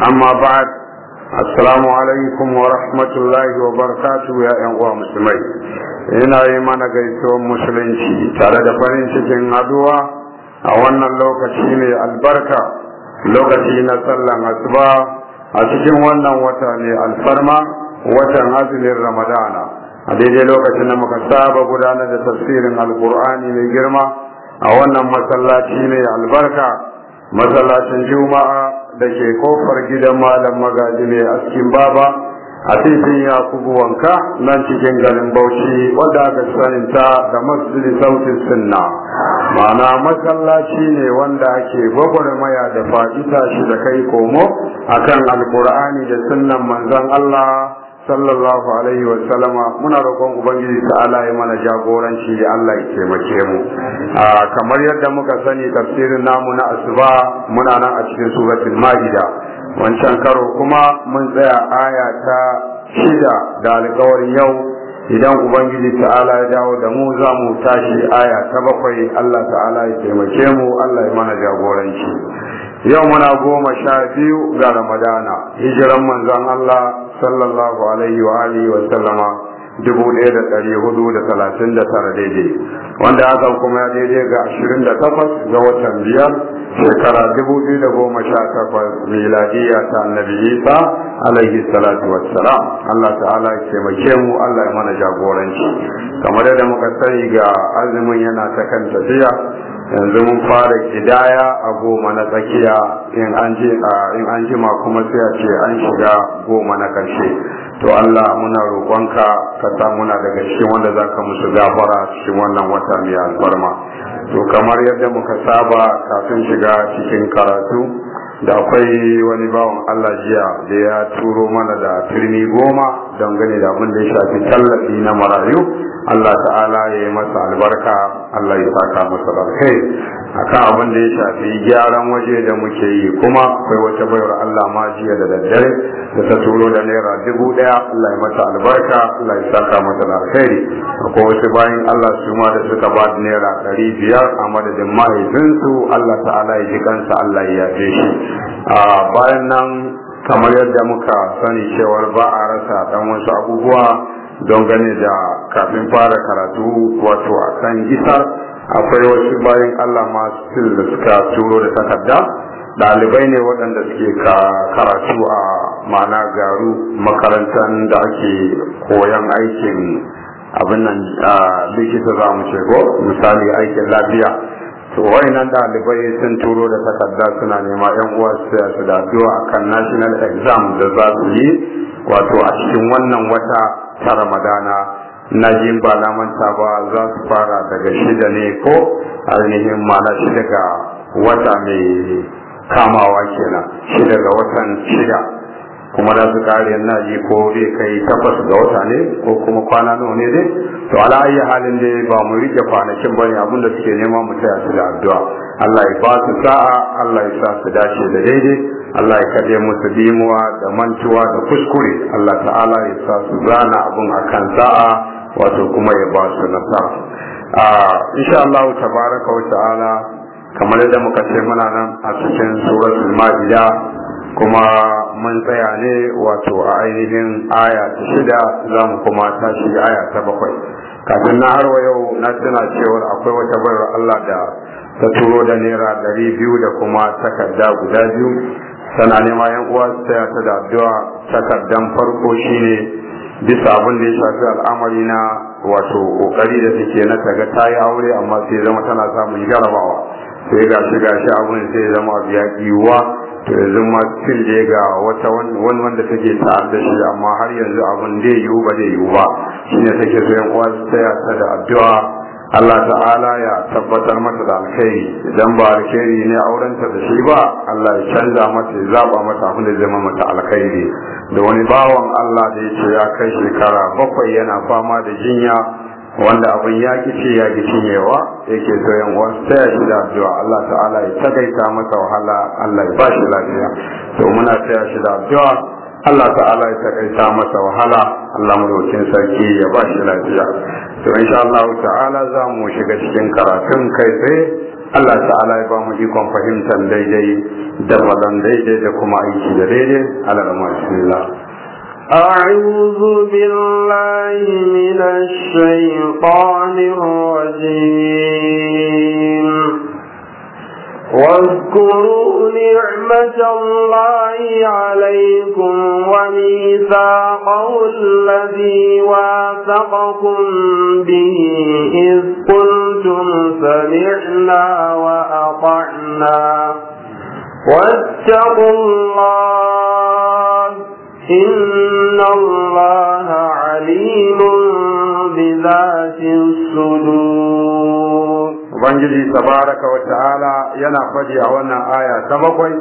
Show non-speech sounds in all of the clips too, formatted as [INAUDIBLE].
amma ba'd assalamu alaikum wa rahmatullahi wa barakatuh ya yan uwa musulmai yana yi mana gaisuwan musulunci tare da farin cikin haduwa a wannan lokaci mai albarka lokaci na sallan asuba a cikin wannan wata ne alfarma watan azumin ramadana a daidai lokacin da muka saba gudanar da tafsirin alkur'ani mai girma a wannan masallaci mai albarka masallacin juma'a da ke kofar gidan malam magaji ne askin baba a titin yakubu wanka nan cikin garin bauchi wadda aka saninta da masjidi sautin sunna ma'ana masallaci ne wanda ake gwagwarmaya da fadita shi da kai komo akan alkur'ani da sunnan manzon allah sallallahu alaihi wa sallama muna roƙon ubangiji ta'ala ya mana jagoranci da Allah ya taimake mu kamar yadda muka sani tafsirin namu na asuba muna nan a cikin suratul maida wancan karo kuma mun tsaya aya ta shida da alƙawarin yau idan ubangiji ta'ala ya dawo da mu za mu tashi aya ta bakwai Allah ta'ala ya taimake mu Allah ya mana jagoranci yau muna goma sha biyu ga ramadana hijiran manzon Allah sallallahu alaihi wa alihi wa sallama dubu ɗaya da ɗari hudu da talatin da tara daidai wanda aka kuma ya daidai ga ashirin da takwas ga watan biyar shekara dubu biyu da goma sha takwas miladiya ta annabi isa alaihi salatu wassalam allah ta'ala ya taimake mu allah ya mana jagoranci kamar yadda muka sani ga azumin yana ta kan tafiya yanzu mun fara kidaya a goma na tsakiya in an jima kuma sai a ce an shiga goma na ƙarshe to Allah muna roƙonka ka sa muna daga cikin wanda za ka musu gafara cikin wannan wata mai alfarma to kamar yadda muka saba kafin shiga cikin karatu da akwai wani bawan Allah jiya da ya turo mana da turmi goma dangane da abin da ya shafi tallafi na marayu Allah ta'ala ya yi masa albarka Allah ya saka masa barkai akan abin da ya shafi gyaran waje da muke yi kuma akwai wata bayar Allah ma jiya da daddare da ta turo da naira dubu daya Allah ya mata albarka Allah ya saka mata akwai wasu bayan Allah su ma da suka ba da naira ɗari biyar a madadin mahaifinsu Allah ta'ala ya ji kansa Allah ya yafe shi A bayan nan kamar yadda muka sani cewar ba a rasa dan wasu abubuwa don gane da kafin fara karatu wato akan isar akwai wasu bayan Allah masu da suka turo da takarda ɗalibai ne waɗanda suke karatu a mana garu makarantar da ake koyan aikin abin nan likita za mu ko misali aikin lafiya to nan ɗalibai sun turo da takarda suna nema yan uwa su su da a kan national exam da za su yi wato a cikin wannan wata ta ramadana na ba na manta ba za su fara daga shida ne ko ainihin mana shida ga wata mai kamawa kenan shida ga watan shida kuma za su kare na ji ko zai kai takwas ga wata ne ko kuma kwana nawa ne dai to ala ayi halin dai ba mu rike kwanakin bane abin da suke nema mu taya su da addu'a Allah ya ba su sa'a Allah ya sa su dace da daidai Allah ya kaje musu dimuwa da mantuwa da kuskure Allah ta'ala ya sa su zana abun akan sa'a wato kuma ya ba su nasa a insha Allah baraka wa ta'ala kamar yadda muka ce muna nan a cikin al ma'ida kuma mun tsaya ne wato a ainihin aya ta shida za mu kuma tashi aya ta bakwai kafin na harwa yau na tuna cewar akwai wata bayar Allah da ta turo da naira ɗari biyu da kuma takarda guda biyu tana nema yan uwa su ta da addu'a takardan farko shine bisa abin da ya shafi al'amari na wato kokari da take na taga ta yi aure amma sai zama tana samun jarabawa sai ga shi gashi abin sai zama biya kiwa to yanzu ma cikin da ga wata wani wanda take tare da shi amma har yanzu abin da yiwu ba da yiwu ba shi ne take so yan uwa su ta da addu'a Allah ta'ala ya tabbatar mata da alkhairi idan ba alkhairi ne aurenta da shi ba Allah ya canza mata ya zaba mata abin da zama mata alkhairi da wani bawan Allah da yake ya kai shekara bakwai yana fama da jinya wanda abin ya kice ya cinyewa yake so yan uwan taya shi da addu'a Allah ta'ala ya tagaita mata wahala Allah ya ba shi lafiya to muna taya shi da addu'a Allah ta'ala ya takaita masa wahala Allah madaukin sarki ya ba shi lafiya to insha Allah ta'ala za mu shiga cikin karatun kai tsaye Allah ta'ala ya ba mu ikon fahimtar daidai da fadan daidai da kuma aiki da daidai alalama bismillah أعوذ بالله من الشيطان الرجيم واذكروا نعمة الله عليكم وميثاقه الذي واثقكم به إذ قلتم سمعنا وأطعنا واتقوا الله إن الله عليم بذات الصدور ubangiji tabaraka wa ta'ala yana faɗi a wannan aya ta bakwai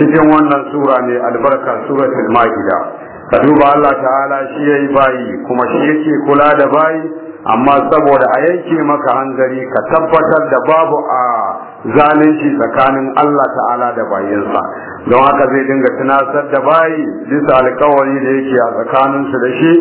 cikin wannan sura ne albarka suratul maida ka duba Allah ta'ala shi yayi bayi kuma shi yake kula da bayi amma saboda a yanke maka hanzari ka tabbatar da babu a zalunci tsakanin Allah ta'ala da bayinsa don haka zai dinga tunasar da bayi bisa alkawari da yake a tsakaninsu da shi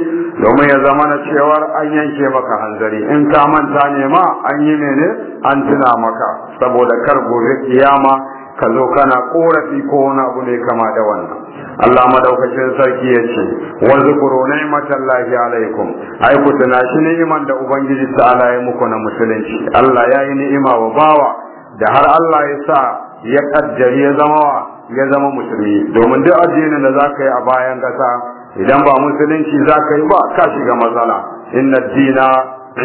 domin ya zama na cewar an yanke maka hanzari in ka manta ne ma an yi mene an tuna maka saboda kar gobe kiyama ka zo kana korafi ko wani abu ne kama da wannan Allah madaukakin sarki ya ce wa zukuru ni'matan lahi alaikum ai ku tuna shi ni'iman da ubangiji ta'ala ya muku na musulunci Allah ya yi ni'ima wa bawa da har Allah ya sa ya kaddare ya zama wa ya zama musulmi domin duk addinin da za ka yi a bayan kasa idan ba musulunci za yi ba ka shiga matsala inna dina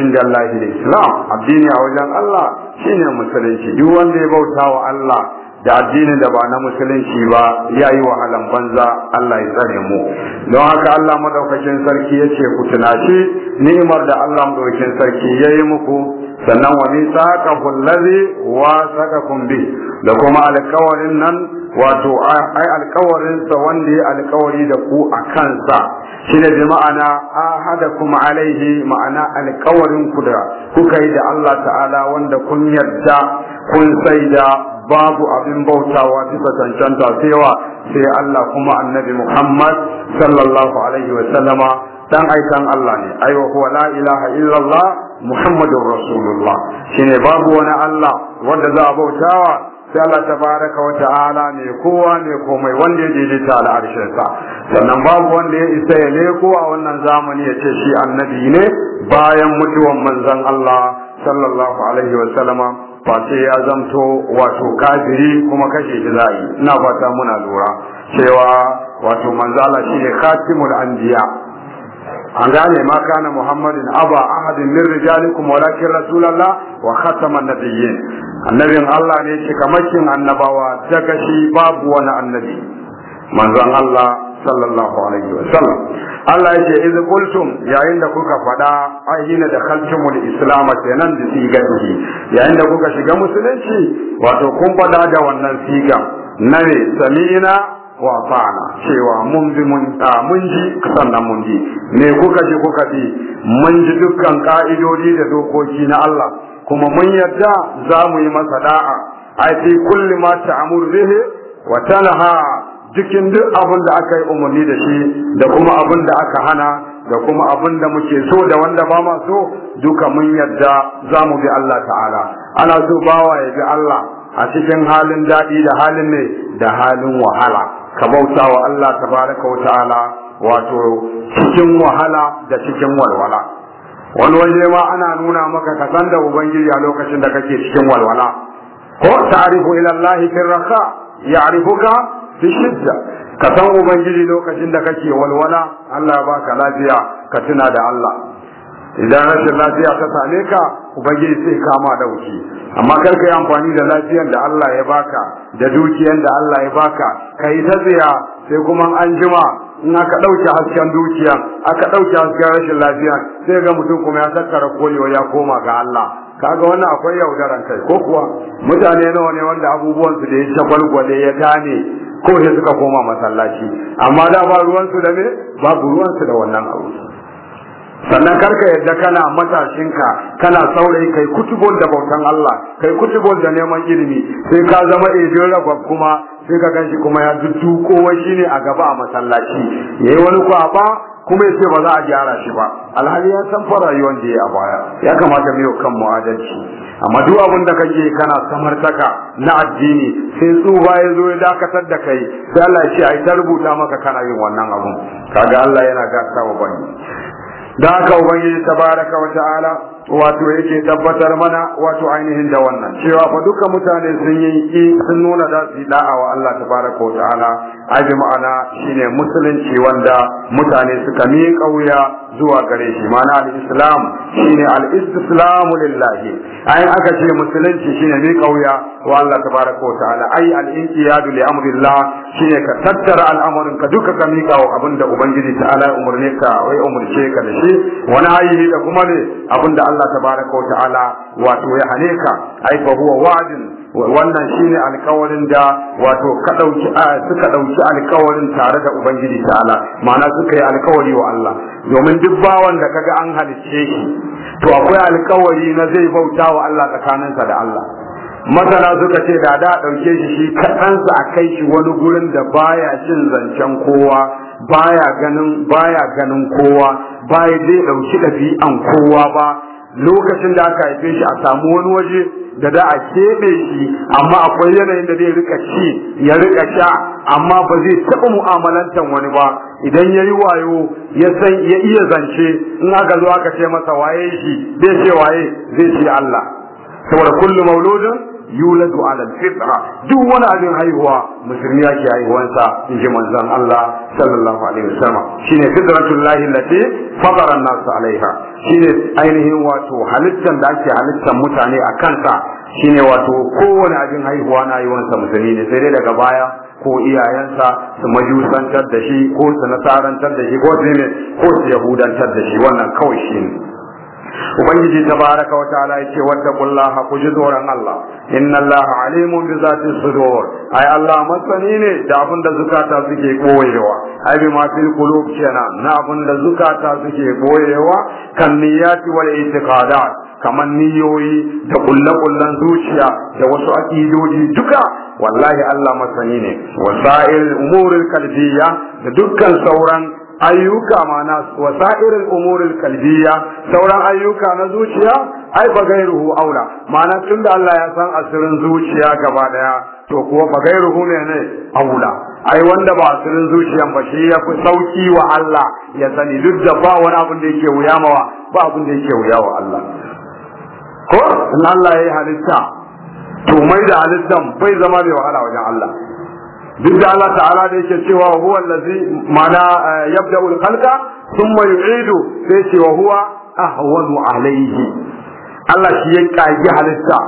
inda Allah islam addini a wajen Allah shine musulunci duk wanda ya bauta wa Allah da addinin da ba na musulunci ba ya yi wahalan banza Allah ya tsare mu don haka Allah madaukakin sarki ya ce ku tunashi ni'imar da Allah madaukakin sarki ya yi muku sannan wa min saqahu allazi wa saqakum bi da kuma alkawarin nan wato ai alkawarin sa wanda ya alkawari da ku a kansa shine bi ma'ana kuma alaihi ma'ana alkawarin ku da kuka yi da Allah ta'ala wanda kun yarda kun saida babu abin bautawa bisa cancanta sewa sai Allah kuma annabi Muhammad sallallahu alaihi wa sallama dan aikan Allah ne aiwa huwa la ilaha illallah muhammadur rasulullah shine babu wani Allah wanda za a bautawa sai Allah tabaraka wa ta'ala ne kowa ne komai wanda ya da al'arshin sa sannan babu wanda ya isa ya leko a wannan zamani ya ce shi annabi ne bayan mutuwan manzon Allah sallallahu alaihi wa sallama ya zamto wato kafiri kuma kashe shi za'i ina fata muna lura cewa wato manzo Allah shine khatimul anbiya an gane ma kana muhammadin aba ahadin min rijalikum walakin rasulullah wa khataman nabiyyin annabin Allah ne cikamakin annabawa daga shi babu wani annabi manzon Allah sallallahu alaihi wa sallam Allah ya ce idh qultum yayin da kuka faɗa ahina da khaltumul islam kenan da sigati yayin da kuka shiga musulunci wato kun faɗa da wannan siga nare sami'na wa ta'ana cewa mun bi mun mun ji sannan mun ji, me kuka ji kuka ji? mun ji dukkan ka'idodi da dokoki na Allah kuma mun yarda za mu yi masa da'a ai fi kulli ma ta'mur bihi wa talaha dukkan duk abin da aka yi umarni da shi da kuma abin da aka hana da kuma abin da muke so da wanda ba ma so duka mun yarda za mu bi Allah ta'ala ana so bawa ya bi Allah a cikin halin daɗi da halin ne da halin wahala ka bauta wa Allah tabaraka wa ta'ala wato cikin wahala da cikin walwala wani waje ma ana nuna maka ka san da ubangiji a lokacin da kake cikin walwala ko ta'rifu ila Allah fi raha ya'rifuka fi shidda ka san ubangiji lokacin da kake walwala Allah baka lafiya ka tuna da Allah idan rashin lafiya ta same ka ubangiji sai kama dauki amma kar ka yi amfani da lafiyar da Allah ya baka da dukiyar da Allah ya baka ka ta tsaya sai kuma an jima in aka ɗauke hasken dukiya aka ɗauke hasken rashin lafiya sai ga mutum kuma ya sakara kolewa ya koma ga Allah kaga wannan akwai yaudaran kai ko kuwa mutane nawa ne wanda abubuwan su da ya gwalgwale ya gane ko sai suka koma masallaci amma da ba ruwan su da me ba ruwan su da wannan abu sannan karka yadda kana matashinka kana saurayi kai kutubon da bautan Allah kai kutubon da neman ilimi sai ka zama ejin ragwab kuma sai ka ganshi kuma ya dudu kowa shine a gaba a masallaci yayi wani kwaba kuma ya ba za a gyara shi ba alhali ya san fara rayuwar da ya a baya ya kamata mu kan mu'adalci amma duk abin da kake kana samartaka na addini sai ba ya zo ya dakatar da kai sai Allah ya ai ta rubuta maka kana yin wannan abun kaga Allah yana gasa wa bani da haka ubangiji tabaraka wa ta'ala wato yake tabbatar mana wato ainihin da wannan cewa fa duka mutane sun yi sun nuna da su da'a wa Allah tabaraka wa ta'ala aji ma'ana shine musulunci wanda mutane suka miƙa wuya zuwa gare shi ma'ana al-islam shine al-istislamu lillahi ai aka ce musulunci shine miƙa wuya wa Allah tabaraka wa ta'ala ai al-inqiyadu li amrillah shine ka tattara al'amarin ka duka ka miƙa wa abinda ubangiji ta'ala ya umurne ka wai umurce ka da shi wani ayi da kuma ne abinda Allah tabaraka wa ta'ala wato ya haleka ai fa huwa wajin wannan shine alƙawarin da wato ka dauki suka dauki alƙawarin tare da ubangiji ta'ala ma'ana suka yi alƙawari wa Allah domin duk bawan da kaga an halicce shi to akwai alƙawari na zai bauta wa Allah tsakanin sa da Allah masana suka ce da da ɗauke shi shi kaɗansa a kai shi wani gurin da baya cin zancen kowa baya ganin baya ganin kowa baya dai ɗauki ɗabi'an kowa ba lokacin da aka haife shi a samu wani waje da da a keɓe shi amma akwai yanayin da zai rika ci ya rika sha amma ba zai taɓa mu'amalantan wani ba idan ya yi wayo ya san ya iya zance in aka zo aka ce masa waye shi zai ce waye zai ce Allah saboda kullu mauludin yuladu ala fitra duk wani abin haihuwa musulmi ke haihuwansa in ji manzan Allah sallallahu alaihi wasallam shine fitratul lahi allati fatara an alaiha shine ainihin wato halittan da ake halittan mutane a kansa shine wato kowane abin haihuwa na haihuwansa musulmi ne sai dai daga baya ko iyayensa su majusantar da shi ko su nasarantar da shi ko su ko su yahudantar da shi wannan kawai shine ubangiji tabaraka wa ta'ala yace wattaqullaha ku ji tsoron Allah inna Allah alimun bi zati sudur ai Allah masani ne da abin da zukata suke koyewa ai bi ma fil qulub kenan na abin da zukata suke koyewa kan niyyati wal i'tiqadat kamar niyoyi da kullakullan zuciya da wasu akidoji duka wallahi Allah masani ne wasa'il umuril qalbiyya da dukkan sauran ayyuka ma na wasa'irul umurin kalbiya sauran ayyuka na zuciya ai ba aula mana tunda Allah ya san asirin zuciya gaba daya to kuwa bagairuhu ne ne aula ai wanda ba asirin zuciyan ba shi ya fi sauki wa Allah ya sani duk da ba wani abin da yake wuya mawa ba abin da yake wuya wa Allah ko in Allah ya halitta to mai da halittan bai zama mai wahala wajen Allah duk da Allah ta'ala da yake cewa huwa allazi mana eh, al khalqa thumma yu'idu sai ce wa huwa ahwanu alayhi Allah shi ya kage halitta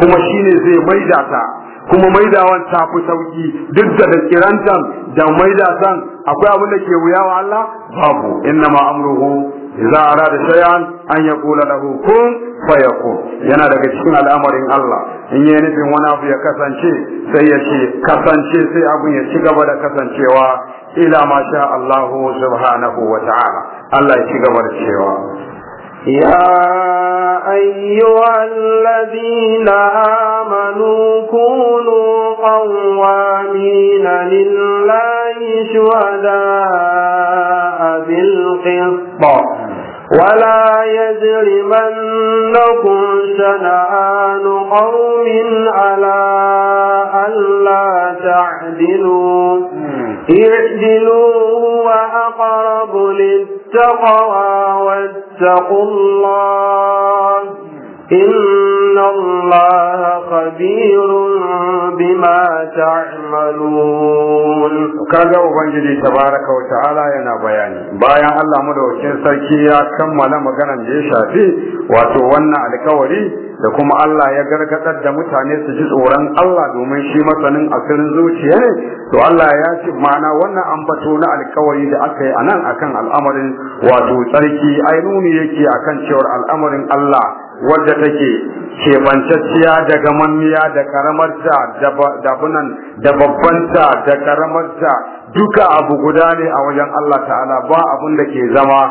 kuma shine zai maida ta kuma maidawan ta fi sauki duk da kirantan da maida san akwai abin da ke wuya wa Allah babu innama amruhu idza arada shay'an an yaqula lahu kun fayakun yana daga cikin al'amarin Allah in yi nufin wani abu ya kasance sai ya ce kasance sai abin ya ci gaba da kasancewa ila ma sha Allah subhanahu wa ta'ala Allah ya ci gaba da cewa يا أيها الذين آمنوا كونوا قوامين لله شهداء بالقسط ولا يجرمنكم شنآن قوم على ألا تعدلوا اعدلوا وأقرب للتقوى واتقوا الله إن الله خبير بما تعملون كذا ubangiji تبارك وتعالى ta'ala yana bayani bayan Allah madaukakin sarki ya kammala maganar da ya shafi wato wannan alkawari da kuma Allah ya gargadar da mutane su ji tsoron Allah domin shi masanin asirin zuciya ne to Allah ya ce ma'ana wannan fato na alkawari da aka yi anan akan al'amarin wato sarki ai yake akan cewar al'amarin Allah wadda take keɓantacciya da gamanniya da karamarta da bunan da babbanta da karamarta duka abu guda ne a wajen Allah ta'ala ba abun da ke zama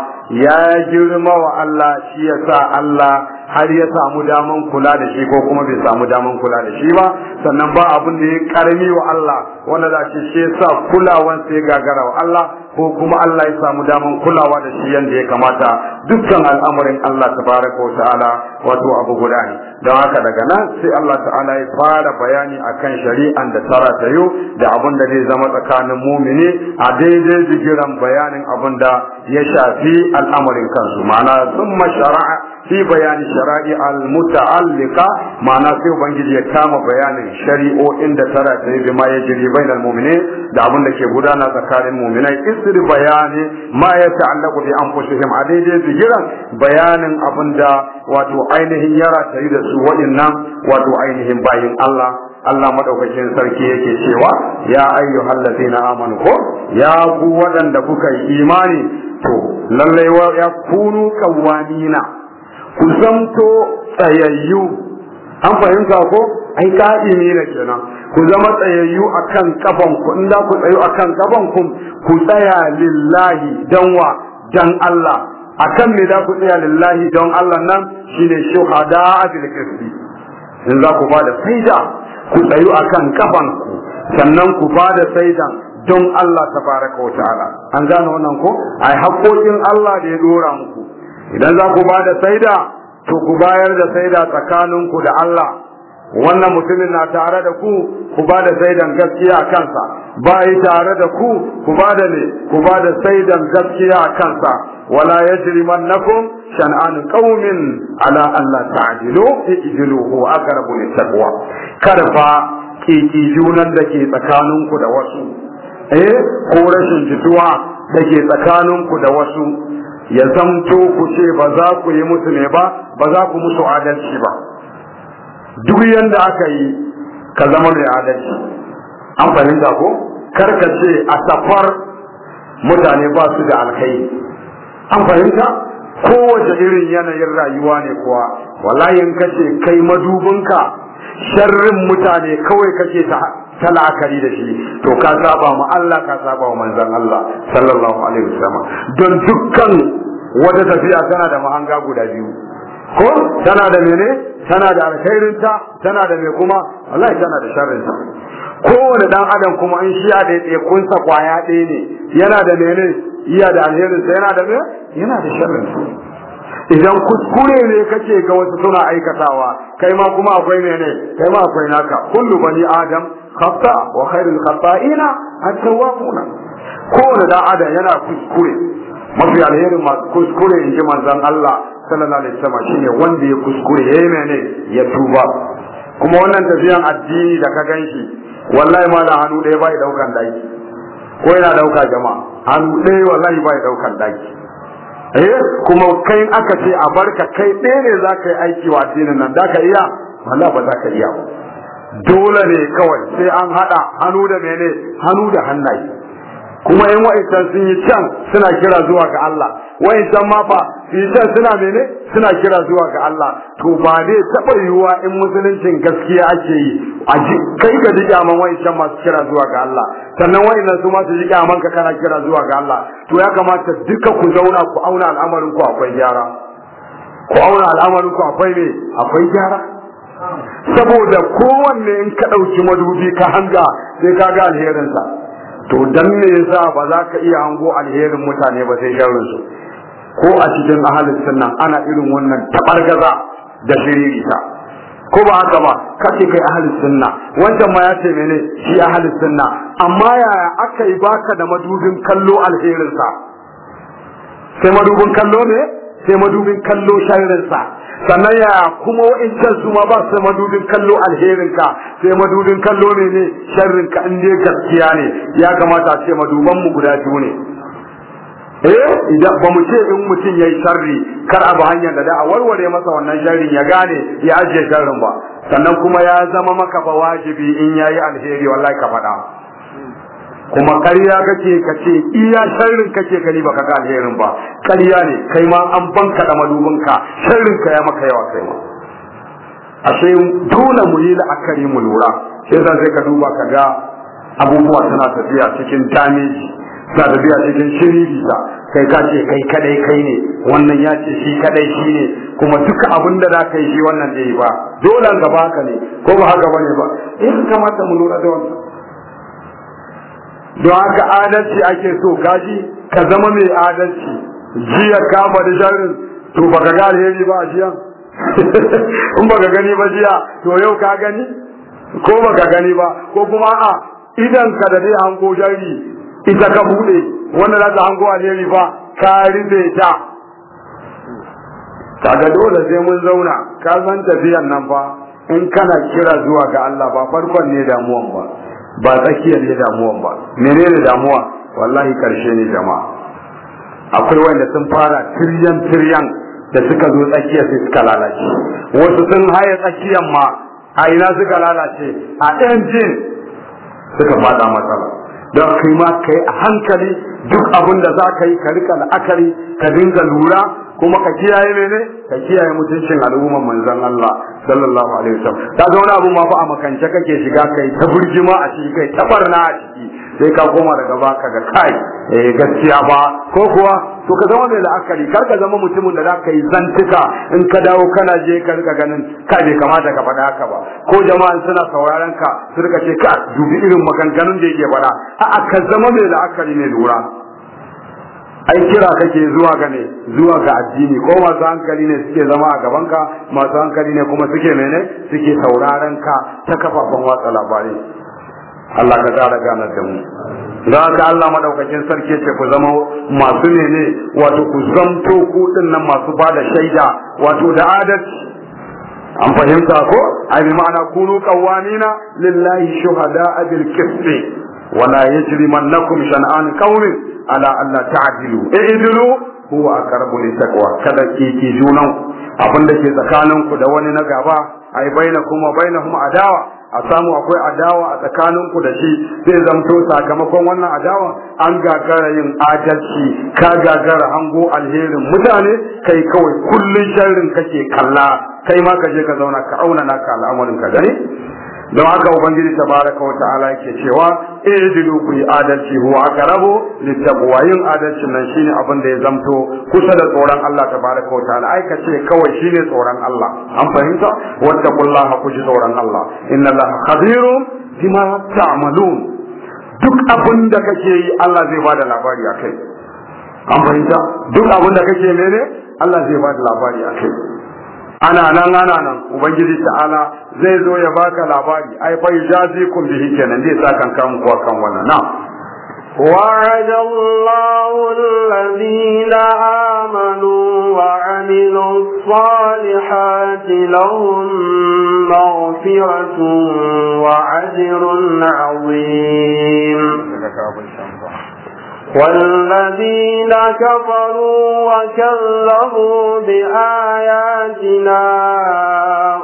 ya girma wa Allah shi ya sa Allah har ya samu daman kula da shi ko kuma bai samu daman kula da shi ba sannan ba abun da ya karami wa Allah wanda za shi ya sa kulawan sai gagara wa Allah ko kuma Allah ya samu daman kulawa da shi yanda ya kamata dukkan al'amarin Allah tabaraka wa ta'ala wato abu guda ne don haka daga nan sai Allah ta'ala ya fara bayani akan shari'an da tara ta yi da abin da zai zama tsakanin mumini a daidai jigiran bayanin abin da ya shafi al'amarin kansu ma'ana sun mashara'a fi bayani shara'i al-muta'alliqa ma'ana sai ubangiji ya kama bayanin shari'o'in da tara ta yi ma ya jiri bainal mu'minin da abin da ke gudana tsakanin mu'minai isri bayani ma ya ta'allaqu bi anfusihim a daidai bigiran bayanin abin da wato ainihin yara ta yi da su waɗannan wato ainihin bayin Allah Allah madaukakin sarki yake cewa ya ayyuhal ladina amanu ko ya ku waɗanda kuka yi imani to lallai ya kunu kawamina ku zamto tsayayyu an fahimta ko ai ka'imi ne kenan ku zama tsayayyu akan kafan ku in za ku tsayu akan kafan ku ku tsaya lillahi dan wa dan Allah akan me za ku tsaya lillahi dan Allah nan shine shuhada fil qisti in za ku da saida ku tsayu akan kafan ku sannan ku da saida don Allah tabaraka wa ta'ala an gane wannan ko ai haƙoƙin Allah da ya dora muku idan za ku da saida to ku bayar da saida tsakaninku da Allah wannan mutumin na tare da ku ku ba da saidan gaskiya a kansa ba yi tare da ku ku ba da ne ku ba da saidan gaskiya a kansa wala yajrimannakum shan'an qaumin ala an ta'dilu ijlu huwa aqrabu littaqwa karfa kiki junan da ke tsakaninku da wasu eh ko rashin jituwa da ke tsakaninku da wasu ya zamto ku ce ba za ku yi musu ne ba ba za ku musu adalci ba duk yadda aka yi ka zama mai adalci an fahimta ko kar ka ce a safar mutane ba su da alkai an fahimta kowace irin yanayin rayuwa ne kuwa wallahi in kace kai madubinka sharrin mutane kawai kake ta ta la'akari da shi to ka saba ma Allah ka saba wa manzon Allah sallallahu alaihi wasallam don dukkan wata tafiya tana da mahanga guda biyu ko tana da mene tana da ta tana da me kuma wallahi tana da sharrinta kowane dan adam kuma in shi ya kun sa kwaya dai ne yana da mene iya da alherinsa yana da me yana da sa idan kuskure ne kake ga wasu suna aikatawa kai ma kuma akwai mene kai ma akwai naka kullu bani adam khata wa khairul khata'ina at-tawwabuna kowane da ada yana kuskure mafi alherin masu kuskure inji ji manzon Allah sallallahu alaihi wasallam shine wanda ya kuskure yayi mene ya tuba kuma wannan tafiyan addini da ka ganshi wallahi ma da hannu ɗaya bai daukan daki ko yana dauka jama'a hannu ɗaya wallahi bai daukan daki eh kuma kai aka ce a barka kai ɗaya ne za ka yi aiki wa addinin nan da ka iya wallahi ba za ka iya ba dole ne kawai sai an hada hannu da mene hannu da hannaye kuma in wa'isan sun yi can suna kira zuwa ga Allah wa'incan ma fa yi can suna mene suna kira zuwa ga Allah to ba ne taba yiwuwa in musuluncin gaskiya ake yi a kai ka ji kyaman masu kira zuwa ga Allah sannan wa'isan su masu ji kyaman ka kana kira zuwa ga Allah to ya kamata duka ku zauna ku auna al'amarin ku akwai gyara ku auna al'amarin ku akwai me akwai gyara saboda kowanne in ka ɗauki madubi ka hanga sai ka ga alherinsa to dan me yasa ba za ka iya hango alherin mutane ba sai su ko a cikin ahalin sunna ana irin wannan tabargaza da shiririta ko ba haka ba kace kai ahalin sunna wancan ma ya ce mene shi ahalin sunna amma yaya aka yi baka da madubin kallo alherinsa sai madubin kallo ne sai madubin kallo sharrinsa sannan ya kuma wa'incan su ma ba su madudin kallo alherinka sai madudin kallo ne ne sharrinka in dai gaskiya ne ya kamata a ce maduban mu guda biyu ne eh idan ba mu ce in mutum yayi sharri kar a ba hanyar da da a warware masa wannan sharrin ya gane ya ajiye sharrin ba sannan kuma ya zama maka ba wajibi in yayi alheri wallahi ka faɗa kuma ƙarya kake kace iya sharrin kake gani baka ga alherin ba ƙarya ne kai ma an banka da ka sharrin ka ya maka yawa kai ma ashe dole mu yi la'akari mu lura sai za sai ka duba ka ga abubuwa suna tafiya cikin damiji suna tafiya cikin shiri bisa kai ka ce kai kadai kai ne wannan ya ce shi kadai shi ne kuma duka abin da za ka yi shi wannan zai yi ba dole gaba ka ne ko ba haka bane ba in eh, kamata mu lura da wannan don haka adalci ake so kaji ka zama mai adalci jiya ka da jarin to baka ga alheri ba a jiya [LAUGHS] in baka gani ba jiya to yau ka gani ko baka gani ba ko kuma a idan ka da dai hango jari ita ka bude wanda za ta hango alheri ba ka rufe ta kaga dole sai mun zauna ka san tafiyan nan fa in kana kira zuwa ga Allah ba farkon ne damuwan ba ba tsakiyar ne damuwa ba menene damuwa wallahi karshe ne jama'a akwai wanda sun fara tiryan tiryan da suka zo tsakiyar sai suka lalace wasu sun haya tsakiyar ma a ina suka lalace a ɗayan suka fada matsala don kai ma kai a hankali duk abin da za ka yi ka rika la'akari ka dinga lura kuma ka kiyaye mene ka kiyaye mutuncin al'umman manzon Allah sallallahu alaihi wasallam ka ga wani abu ma fa a makance kake shiga kai ta burjima a ciki kai ta barna a ciki sai ka koma daga baka ga kai eh gaskiya ba ko kuwa to ka zama mai la'akari kar ka zama mutumin da zaka yi zantuka in ka dawo kana je ka rika ganin ka bai kamata ka faɗa haka ba ko jama'a suna sauraron ka su rika ce ka dubi irin maganganun da yake faɗa a'a ka zama mai la'akari ne lura ai kira kake zuwa ga ne zuwa ga addini ko masu hankali ne suke zama a gaban ka masu hankali ne kuma suke mene suke sauraron ka ta kafafen watsa labarai Allah ka tsara ganar da mu da ka Allah madaukakin sarki ce ku zama masu ne ne wato ku zamto ku din nan masu bada shaida wato da adalci an fahimta ko ai bi ma'ana kunu qawamina lillahi shuhada bil qisti wala yajrimannakum shan'an qawmin ala Allah ta'dilu i'dilu eh, eh, huwa aqrabu littaqwa kada ki ki junan abin da ke tsakanin ku da wani na gaba ai baina kuma baina kuma adawa a samu akwai adawa a tsakanin ku da shi zai zamto sakamakon wannan adawa an gagara yin adalci ka gagara hango alherin mutane kai kawai kullun sharrin kake kalla kai ma ka ka zauna ka auna naka al'amarin ka gani don haka ubangiji tabaraka wa ta'ala yake cewa idilu ku yi adalci huwa aqrabu littaqwa yin adalcin nan shine abin da ya zamto kusa da tsoron Allah ta tabaraka wa ta'ala ai kace kawai shine tsoron Allah an fahimta wattaqullaha ku ji tsoron Allah inna allaha khabirun bima ta'malun duk abin da kake yi Allah zai bada labari a kai. an fahimta duk abin da kake ne Allah zai bada labari a kai. ana nan ana nan ubangiji ta'ala zai zo ya baka labari ai fa kun bihi kenan zai sa kan kan kuwa kan wannan na وعد الله الذين آمنوا وعملوا الصالحات لهم مغفرة وعجر عظيم والذين كفروا وكذبوا بآياتنا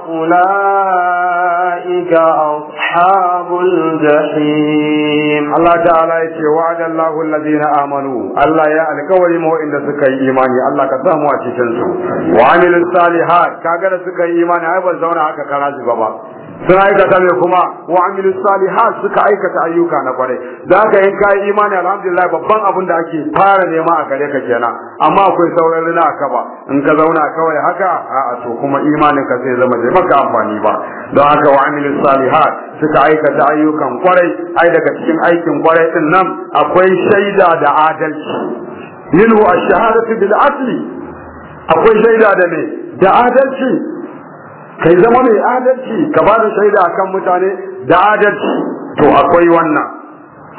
أولئك أصحاب الجحيم الله تعالى يتي وعد الله الذين آمنوا الله يا الكوري مو إن سكي إيماني الله كسامو أتشنسو وعملوا الصالحات كاغر سكي إيماني هاي بزونا هكا كراجي بابا sun aikata ne kuma wa amilu salihat suka aikata ayyuka na kwarai da ka in kai imani alhamdulillah babban abin da ake fara nema a gare ka kenan amma akwai sauran rina ka ba in ka zauna kawai haka a to kuma imanin ka sai zama zai maka amfani ba don haka wa amilu salihat suka aikata ayyukan kwarai ai daga cikin aikin kwarai din nan akwai shaida da adalci Yin ash-shahadatu bil asli akwai shaida da ne da adalci kai zama mai adalci ka ba da shaida akan mutane da adalci to akwai wannan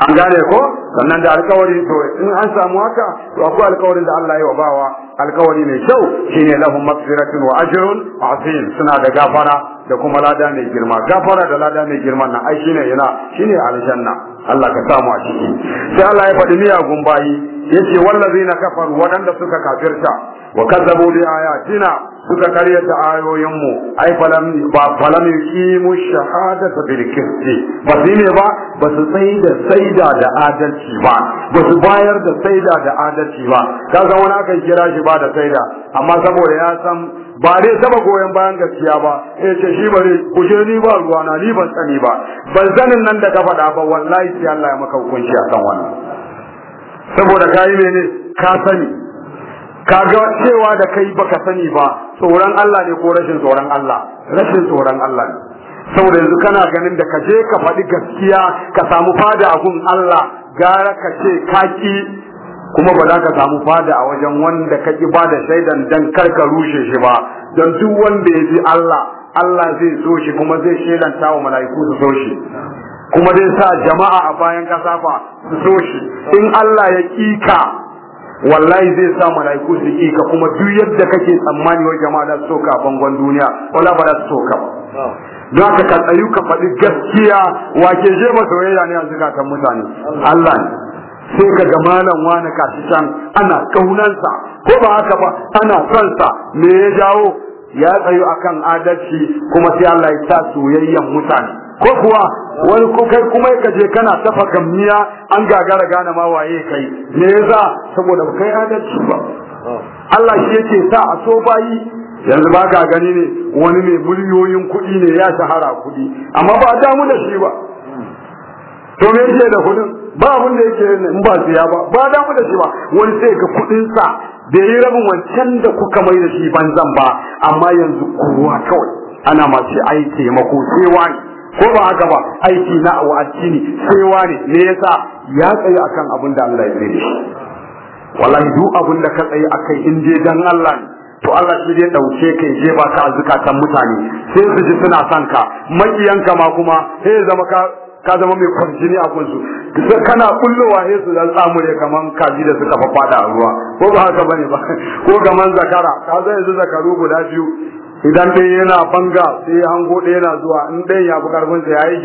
an gane ko sannan da alkawari to in an samu haka to akwai alkawarin da Allah ya bawa alkawari mai kyau shine lahum maghfiratun wa ajrun azim suna da gafara da kuma lada mai girma gafara da lada mai girma na ai shine yana shine aljanna Allah ka samu a ciki sai Allah ya faɗi miyagun bayi yace wallazina kafaru waɗanda suka kafirta wa kazzabu bi ayatina suka karyata ayoyinmu ai falam ba falam yuqimu shahadata bil qisti ba su ne ba ba su sai da saida da adalci ba ba su bayar da saida da adalci ba Ka ga wani akan kira shi ba da saida amma saboda ya san ba dai taba goyon bayan gaskiya ba eh ce shi bare kuje ni ba ruwa na ni ban tsani ba ban sanin nan da ka faɗa ba wallahi sai Allah ya maka hukunci akan wannan saboda kai mene ka sani kaga cewa da kai baka sani ba tsoron Allah ne ko rashin tsoron Allah rashin tsoron Allah ne saboda yanzu kana ganin da ka je ka faɗi gaskiya ka samu fada a gun Allah gara ka ce kaki kuma ba za ka samu fada a wajen wanda ka ki bada shaidan dan kar ka rushe shi ba don duk wanda ya ji Allah Allah zai so shi kuma zai shelanta wa mala'iku su so shi kuma zai sa jama'a a bayan kasa fa su so shi in Allah ya kika wallahi zai sa malaiku su ka kuma duk yadda kake tsammani wai jama'a da soka a bangon duniya wala ba da soka ba don haka ka tsayu ka faɗi gaskiya Wa ke je ba soyayya ne a zukatan mutane Allah ne sai ka ga malam wani kashi can ana kaunansa ko ba haka ba ana sonsa me ya jawo ya tsayu akan adalci kuma sai Allah ya sa soyayyan mutane ko kuwa wani kai kuma ka je kana tafa miya an gagara gane ma waye kai me yasa saboda kai adalci ba Allah shi yake sa a so bayi yanzu ba ka gani ne wani mai miliyoyin kuɗi ne ya shahara kuɗi amma ba damu da shi ba to me yake da kuɗin ba abin da yake in ba siya ba ba damu da shi ba wani sai ga kuɗinsa bai yi rabin wancan da kuka mai da shi banzan ba amma yanzu kowa kawai ana masu aiki mako sai wani ko ba haka ba aiki na wa addini sai wani me yasa ya tsaye akan abin da Allah ya yi shi wallahi duk abin da ka tsaye akai in je dan Allah ne to Allah shi zai dauke kai je ba ka zukatan mutane sai su ji suna son ka makiyanka ma kuma sai zama ka ka zama mai kwanjini a kunsu sai kana kullowa sai su dan tsamure kaman kaji da suka fafada a ruwa ko ba haka bane ba ko kaman zakara ka zai zakaru guda biyu idan dai yana banga sai ya hango ɗaya yana zuwa in ɗaya ya fi karfin sa yayi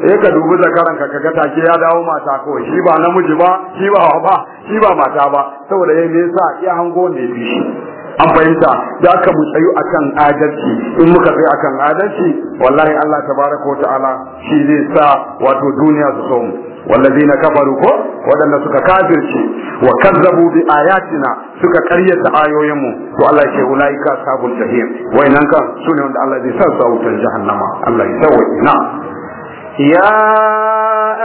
ke sai ka dubi zakaran ka kaga take ya dawo mata kawai shi ba namiji ba shi ba ba shi ba mata ba saboda yayi me yasa ya hango ne bi shi. an fahimta da aka mu tsayu akan adalci in muka tsayu akan adalci wallahi Allah tabaraka wa ta'ala shi zai sa wato duniya su so mu wallazina kafaru ko wadanda suka kafirce wa kazzabu bi ayatina suka karyata ayoyinmu to Allah ya ce ulaika sabul jahim wayannan ka sune wanda Allah zai sa su a wutar jahannama Allah ya sauke na يا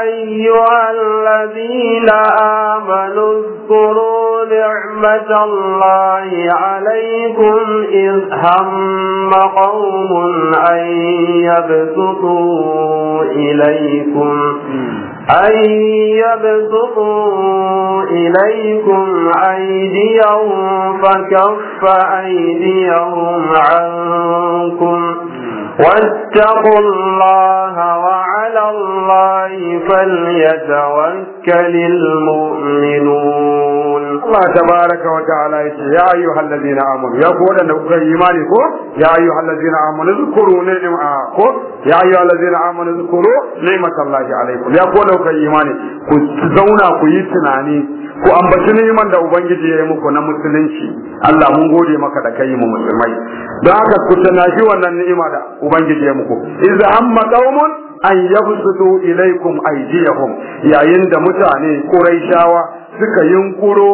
أيها الذين آمنوا اذكروا نعمة الله عليكم إذ هم قوم أن يبسطوا إليكم أن يبسطوا إليكم أيديهم فكف أيديهم عنكم واتقوا الله وعلى الله فليتوكل المؤمنون الله تبارك وتعالى يا أيها الذين آمنوا يقول أن أبقى إيمانكم يا أيها الذين آمنوا اذكروا نعمة يا أيها الذين آمنوا اذكروا نعمة الله عليكم يقول أبقى إيمانكم كنت زونا كنت ku ambaci ni'iman da ubangiji ya yi muku na musulunci Allah mun gode maka da kai mu musulmai don haka ku tunashi wannan ni'ima da ubangiji ya muku idza amma qaumun an yabsutu ilaikum aydiyahum yayin da mutane quraishawa suka yunkuro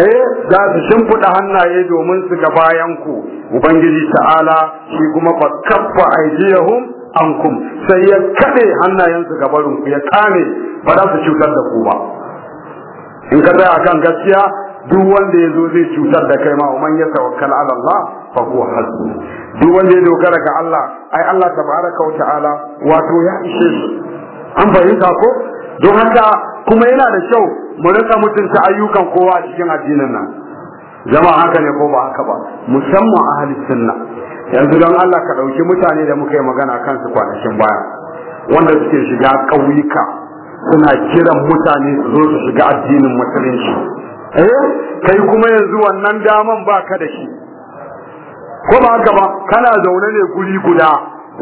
eh za su shimfiɗa hannaye domin su ga bayan ku ubangiji ta'ala shi kuma fa kaffa aydiyahum ankum sai ya kade hannayensu ga ku ya kame ba za su cutar da ku ba in ka tsaya kan gaskiya duk wanda ya zo zai cutar da kai ma man ya tawakkal ala Allah fa huwa hasbu duk wanda ya dogara ga Allah ai Allah tabaraka wa ta'ala wato ya ishe shi an fahimta ko don haka kuma yana da kyau mu rika mutunta ayyukan kowa a cikin addinin nan Zama haka ne ko ba haka ba musamman ahli sunna yanzu don Allah ka dauki mutane da muka yi magana kansu kwanakin baya wanda suke shiga ƙauyuka suna kiran mutane su zo su shiga addinin musulunci eh kai kuma yanzu wannan daman baka da shi ko ba haka ba kana zaune ne guri guda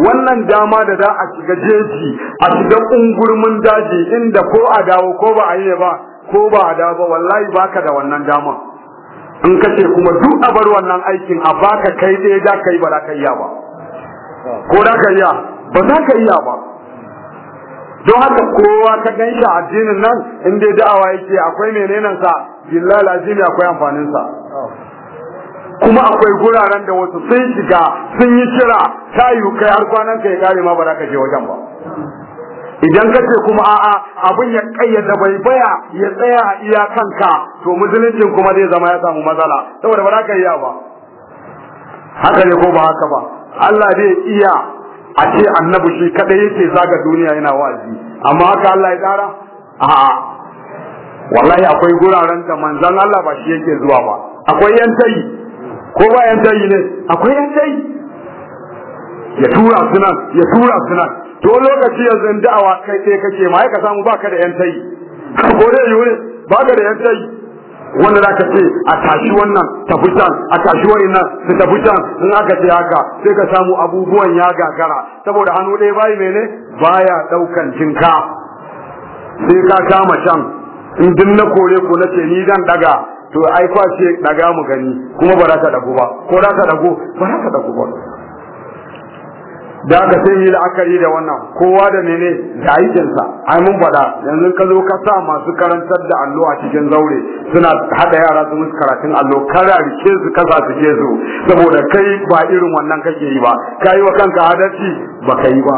wannan dama da za a shiga jeji a shiga ungurmin daji inda ko a dawo ko ba a yi ba ko ba a dawo ba wallahi baka da wannan dama in kace kuma duk a bar wannan aikin a baka kai ɗaya da kai ba za ka iya ba ko da ka iya ba za ka iya ba don haka kowa ka gan shi addinin nan inda dai da'awa yake akwai menenen sa billahi lazimi akwai amfanin sa kuma akwai guraren da wasu sun shiga sun yi kira ta yi kai har kwanan ka ya kare ma ba za ka je wajen ba idan ka ce kuma a'a abin ya kayyada bai baya ya tsaya a iya kanka to musuluncin kuma zai zama ya samu matsala saboda ba za ka iya ba haka ne ko ba haka ba Allah zai iya a ce annabi shi kadai yake zaga duniya yana wa'azi amma haka Allah ya tsara a'a wallahi akwai guraren da manzon Allah ba shi yake zuwa ba akwai yan tayi ko ba yan tayi ne akwai yan tayi ya tura sunan ya tura sunan to lokaci yanzu da'awa kai kai kake ma ka samu baka da yan tayi ko dai yuri baka da yan tayi wanda za ka ce a tashi wannan tafi can a tashi wannan su tafi can in aka ce haka sai ka samu abubuwan ya gagara saboda hannu ɗaya bayi ne baya ɗaukan jinka sai ka kama can in duk na kore ko na ce ni zan daga to ai fa ce daga mu gani kuma ba za ka dago ba ko za ka dago ba za ka dago ba da ka sai yi la'akari da wannan kowa da mene da aikinsa ai mun faɗa yanzu ka zo ka sa masu karantar da allo a cikin zaure suna haɗa yara su musu karatun allo kara rike su kasa su je su saboda kai ba irin wannan kake yi ba ka yi wa kanka adalci ba ka yi ba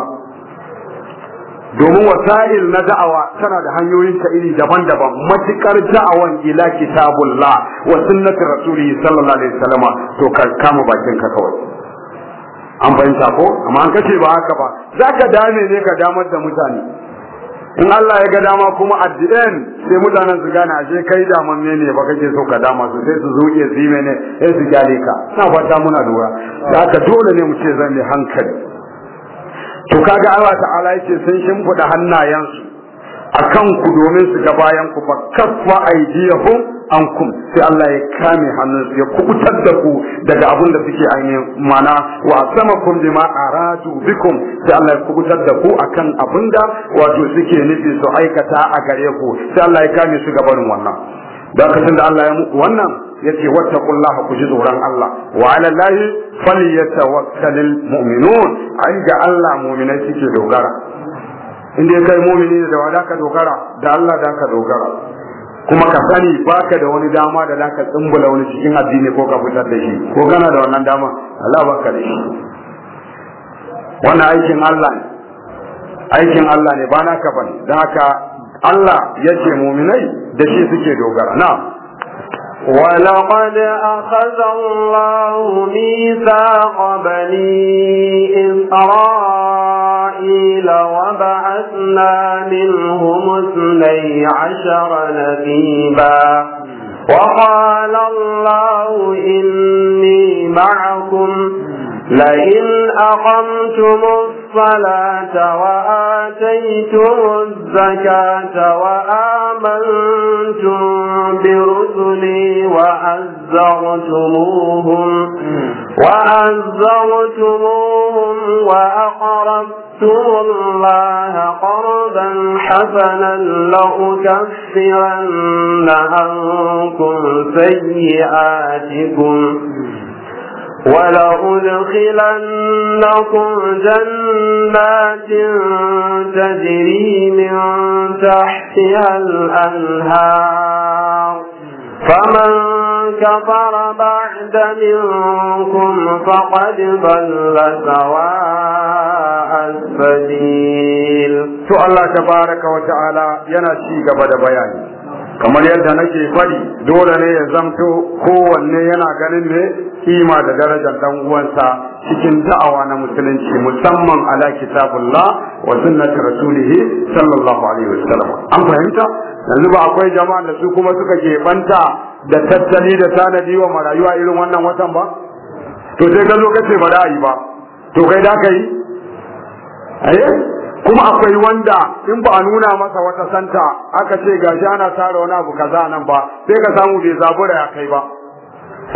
domin wasa'il na da'awa tana da hanyoyin ta iri daban-daban matukar da'awan ila kitabullah wa sunnatir rasuli sallallahu alaihi wasallam to ka kama bakin ka kawai an fahimta ko amma an kace ba haka ba za ka dame ne ka damar da mutane in Allah ya ga dama kuma addin sai mutanen su gane ashe kai daman ne ne ba kake so ka dama su sai su zo iya zime ne sai su gyale ka na fata muna lura Za ka dole ne mu ce zan yi hankali to kaga Allah ta'ala yake sun shimfiɗa hannayensu akan ku domin su ga bayan ku fa kasfa aydiyahum ankum sai Allah ya kame hannunsu ya kubutar da ku daga abin da suke ainihin mana wa asamakum bima aradu bikum sai Allah ya kubutar da ku akan abin wato suke nufi su aikata a gare ku sai Allah ya kame su barin wannan da kasan da Allah ya muku wannan yace wattaqullaha ku ji tsoron Allah wa ala llahi falyatawakkalul mu'minun an ga Allah mu'minai suke dogara inda kai mumini da wada ka dogara da Allah da ka dogara kuma ka sani baka da wani dama da ka tsumbula wani cikin addini ko ka fitar da shi ko kana da wannan dama Allah baka da shi wannan aikin Allah ne aikin Allah ne ba na ka bane don haka Allah yace muminai da shi suke dogara na ولقد أخذ الله ميثاق بني إسرائيل إسرائيل وبعثنا منهم اثني عشر نبيبا وقال الله إني معكم لئن أقمتم الصلاة وآتيتم الزكاة وآمنتم برسلي وعزرتموهم وعزرتموهم وأقرضتم الله قرضا حسنا لأكفرن عنكم سيئاتكم ولأدخلنكم جنات تجري من تحتها الأنهار فمن كفر بعد منكم فقد ضل سواء السبيل سؤال الله تبارك وتعالى ينسيك بعد بيانه kamar yadda nake faɗi dole ne ya zamto kowanne yana ganin ne kima da darajar dan uwansa cikin da'awa na musulunci musamman ala kitabullah wa sunnati rasulih sallallahu alaihi wasallam an fahimta yanzu ba akwai jama'an da su kuma suka ke banta da tattali da tanadi wa marayuwa irin wannan watan ba to sai ka zo kace ba da yi ba to kai da kai aye kuma akwai wanda in ba a nuna masa wata santa aka ce ga shi ana tare wani abu kaza nan ba sai ka samu bai zabura ya kai ba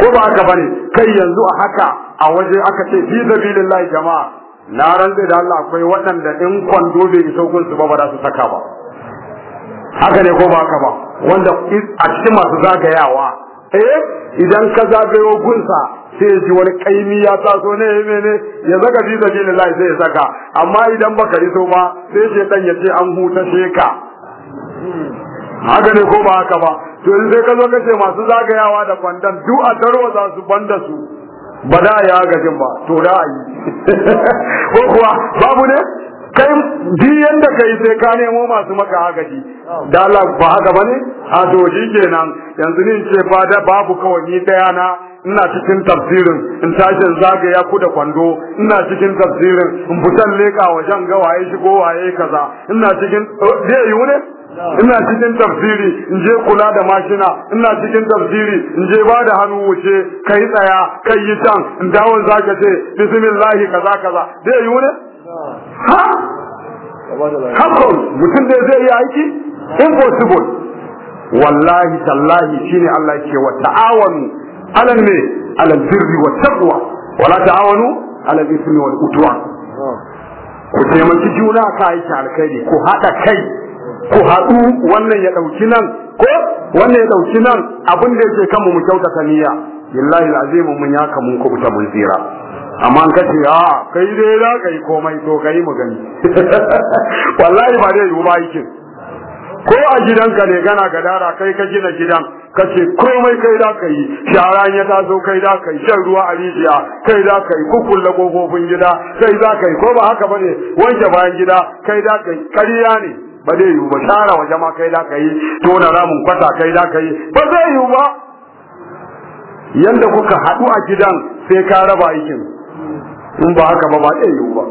ko ba aka bane kai yanzu a haka a waje aka ce fi sabilillah jama'a na rantse da Allah akwai waɗanda in kwando bai iso gun su ba ba za su saka ba haka ne ko ba haka ba wanda a cikin masu zagayawa eh idan ka zagayo gunsa sai ya ji wani kaimi ya taso ne ya mene ya zaka fi da ne lai sai ya saka amma idan baka yi ba sai ce dan ya ce an huta sheka haka ne ko ba haka ba to in sai ka zo kace masu zagayawa da kwandan duk a tarwa za su banda su ba da ya gajin ba to da yi. [LAUGHS] ko kuwa babu ne kai duk yanda kai sai ka nemo masu maka agaji da Allah ba haka bane a to shi kenan yanzu ne ce ba da babu kawai ni daya na ina cikin tafsirin in tashin zagaya ku da kwando ina cikin tafsirin in butan leka wajen ga waye shigo waye kaza ina cikin eh, zai yi wune ina cikin tafsiri in je kula da mashina ina cikin tafsiri in je ba da hannu wuce kai tsaya kai yi can in dawo zaka ce bismillah kaza kaza zai yi wune ha hakan mutum da zai yi aiki impossible wallahi tallahi ne Allah ke wa ta'awanu alal ne alal birri wa taqwa wala ta'awanu alal ismi wal udwan ku taimaki juna ka yi alkhairi ku haɗa kai ku haɗu wannan ya ɗauki nan ko wannan ya ɗauki nan abin da yake kanmu mu kyautata niyya billahi alazim mun yaka mun kubuta mun tsira amma an kace a ah, kai dai za ka komai to kai mu gani [LAUGHS] wallahi ba dai ba yake ko a gidanka ne kana gadara kai ka gina gidan kace komai kai da kai shara ya taso kai da kai shan ruwa a rijiya kai da kai kukkulle kofofin gida kai da kai ko ba haka bane wanke bayan gida kai da kai kariya ne ba zai yiwu ba shara wa jama kai da kai tona ramin kwata kai da kai ba zai yiwu ba yanda kuka haɗu a gidan sai ka raba aikin in ba haka ba ba zai yiwu ba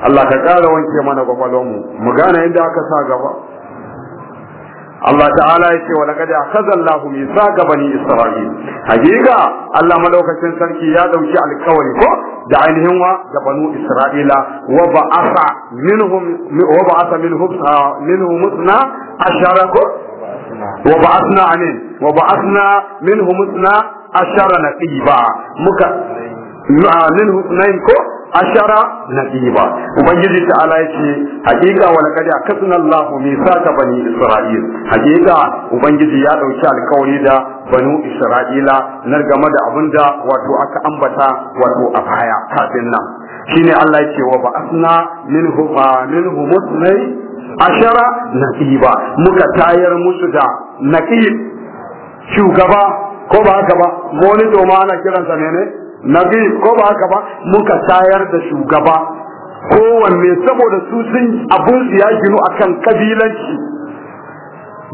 Allah ka ƙara wanke mana kwakwalonmu mu gane inda aka sa gaba Allah ta'ala ya ce wa laqad akhadha Allahu mithaqa bani Isra'il hakika Allah malaukakin sarki ya dauki alƙawari ko da ainihin wa da banu Isra'ila wa ba'atha minhum wa ba'atha minhum minhum ashara ko wa ba'athna anin wa ba'athna minhum ashara naqiba muka minhu sunayin ko ashara naqiba ubangiji ta ala ce hakika wa laqad akasna Allahu misaka bani isra'il hakika ubangiji ya dauki alkawari da banu isra'ila na game da abinda wato aka ambata wato a baya kafin nan shine Allah yake wa ba'athna minhu ma minhu musnai ashara naqiba muka tayar musu da naqib shugaba ko ba haka ba to ma ana kiransa ne ne nabi ko ba haka ba muka tayar da shugaba kowanne saboda su sun abun ya ginu akan kabilanci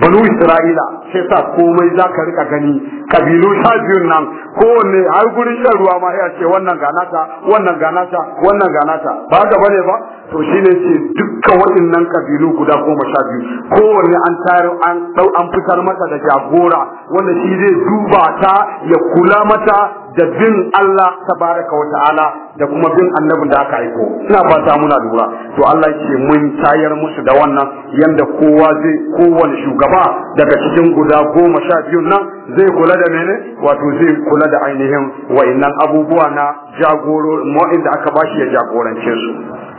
banu isra'ila sai sa komai za ka rika gani kabilu sha biyun nan kowanne har gurin shan ruwa ma ya ce wannan ganata wannan ganata wannan ganata ba gaba ne ba to shi ne ce dukkan waɗannan kabilu guda goma sha biyu kowanne an tayar an ɗau an fitar mata da jagora wanda shi zai duba ta ya kula mata da bin Allah Ta tabaraka wa ta'ala da kuma bin annabin da aka aiko ina fata muna lura to Allah ce mun tayar musu da wannan yanda kowa zai kowane shugaba daga cikin guda goma sha biyu nan zai kula da mene wato zai kula da ainihin wa'annan abubuwa na jagoro mu'in da aka bashi ya jagorance su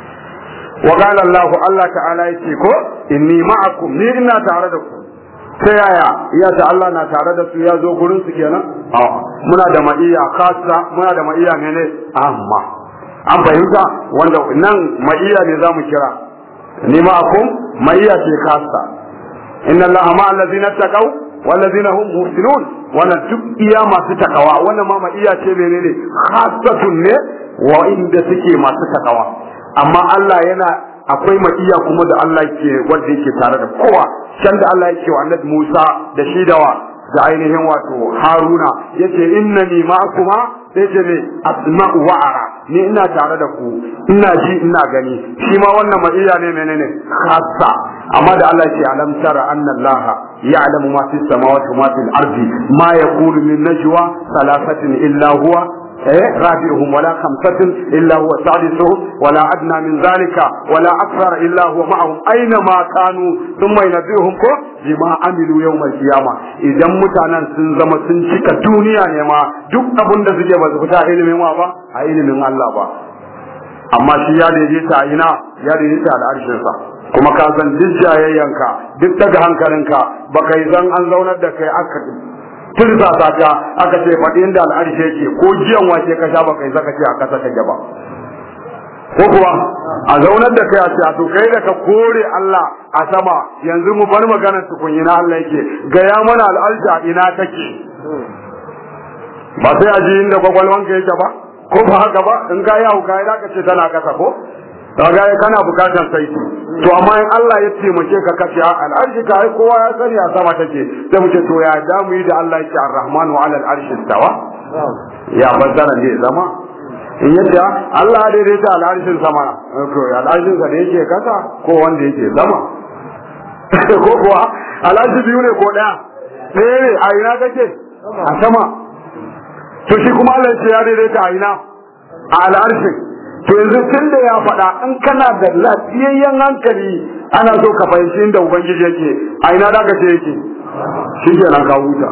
wa qala Allahu Allah ta'ala yace ko inni ma'akum ni ina tare da ku ta yaya ya ta Allah na tare da su ya zo gurin su kenan a muna da ma'iya kasa, muna da ma'iya ne amma an fahimta wanda nan ma'iya ne zamu kira ni ma'akum ma'iya ce kasa. inna Allah ma allazina taqaw wallazina hum muhsinun wannan duk iya masu takawa wannan ma ma'iya ce menene khassatun ne wa inda suke masu takawa amma Allah yana akwai ma'iya kuma da Allah ke wanda yake tare da kowa can da Allah yake wa annabi Musa da shi dawa da ainihin wato Haruna yace innani ma'akuma sai ne asma'u wa ara ni ina tare da ku ina ji ina gani shi ma wannan ma'iya ne menene hasa amma da Allah ke alam tara annallaha Allah ya'lamu ma fis samawati wa ma fil ardi ma yaqulu min najwa thalathatin illa huwa رابعهم ولا خمسة إلا هو سادسهم ولا أدنى من ذلك ولا أكثر إلا هو معهم أينما كانوا ثم ينبئهم بما عملوا يوم القيامة إذا متانا سنزم سنشك الدنيا نما دك أبن دزجي بزبتا علم ما با علم الله با amma shi ya daidaita a ina ya daidaita da arshinsa kuma ka san duk jayayyanka duk daga hankalinka baka yi zan an zaunar da kai aka turza ta ja aka ce faɗi inda al'arshe yake ko giyan wace ka sha baka zaka ce a kasa kake ba ko kuwa a zaunar da kai a ce a to kai da ka kore Allah a sama yanzu mu bar maganar tukun na Allah yake ga ya mana al'arsha ina take ba sai a ji inda kwakwalwanka yake ba ko ba haka ba in ka yi hauka ya ka ce tana kasa ko kaga kana bukatar saiti to amma in Allah ya muke ka kace a al'arshi ka ai kowa ya sani a sama take sai mu ce to ya da mu yi da Allah yake ar-rahmanu 'ala al'arshi tawa ya bazara ne zama in yadda Allah ya ta al'arshi sama to al'arshin sa da yake kasa ko wanda yake zama? [LAUGHS] ko kuwa al'arshi biyu ne ko daya ɗaya ne a ina kake a sama to shi kuma Allah ya daidaita a ina a al'arshin yanzu tun da ya faɗa in kana da lafiyayyen hankali ana so ka fahimci inda ubangiji yake a ina da ce yake shi ke nan ka huta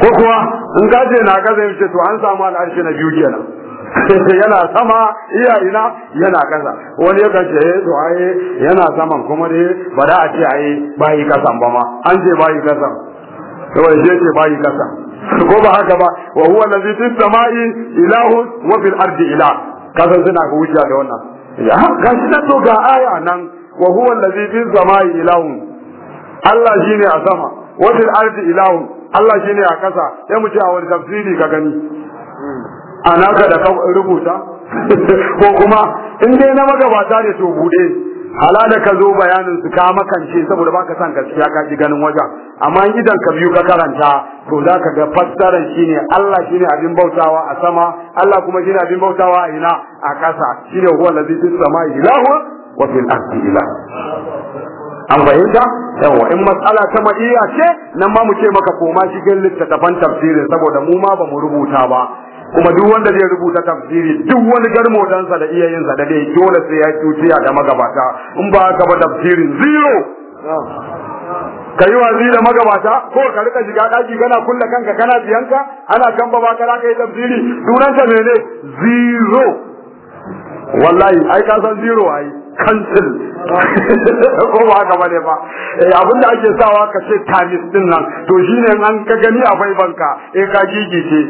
ko kuwa in ka je na ka zai ce to an samu al'arshi na biyu kenan [LAUGHS] yana sama iya ina yana kasa wani ya kace eh to ai yana saman kuma dai ba da a ce ai bayi kasan ba ma an ce bayi kasan to wai ce bayi kasan ko ba haka ba wa huwa allazi fi sama'i ilahu wa fil ardi ilah kasan suna ga wuce da wannan ga shi na to ga aya nan wa huwa allazi fi sama'i ilahu Allah shine a sama wa fil ardi ilahu Allah shine a kasa sai mu ce a wani tafsiri ka gani anaka da ka rubuta [LAUGHS] ko kuma in dai na magabata ne to bude hala da ka zo bayanin su ka makance saboda baka san gaskiya ka ji ganin wajen amma idan ka biyu ka karanta to za ka ga fassarar shine Allah shine abin bautawa a sama Allah kuma shine abin bautawa a ina a ƙasa shine huwa allazi fis samai ilahu wa fil ardi ilahu an fahimta yawa in matsala ta ma'iyya ce nan ma mu ce maka koma shi ta littattafan tafsirin saboda mu ma ba mu rubuta ba kuma duk wanda zai rubuta tafsiri duk wani garmo dansa da iyayensa da dai dole sai ya cuciya da magabata in ba ka ba tafsiri zero ka yi wazi da magabata ko ka rika shiga daki kana kulle kanka kana biyanka ana kan ba ka kai tafsiri sunansa ne zero wallahi ai ka san zero ai kansil [LAUGHS] ko ba haka bane ba eh, abinda ake sawa ka ce tamis din nan to shine an ka gani a banka eh ka gigice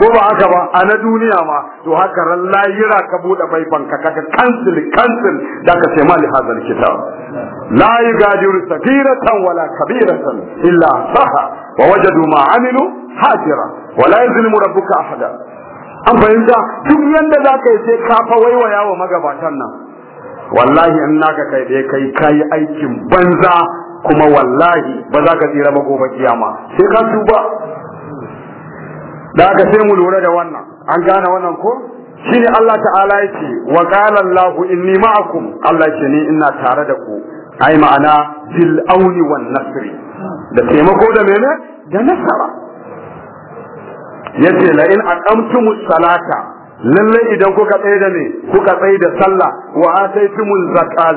ko ba haka ba a na duniya ma to haka ran lahira ka bude ka kaga kansil kansil da ka ce mali hazal kitab la yugadiru sagiratan wala kabiratan illa saha wa wajadu ma amilu hajira wala yuzlimu rabbuka ahada an fahimta duk yanda zaka yi sai ka fa waiwaya wa magabatan nan wallahi in naka kai dai kai kai aikin banza kuma wallahi ba za ka tsira ba gobe kiyama sai ka tuba da aka sai mu lura da wannan an gane wannan ko shine Allah ta'ala yake wa qala Allah inni ma'akum Allah ce ni ina tare da ku ai ma'ana bil auni wan nasri da taimako da mene da nasara yace la in aqamtumus salata lallai idan kuka tsaye da ne kuka tsaye da sallah wa ataitumul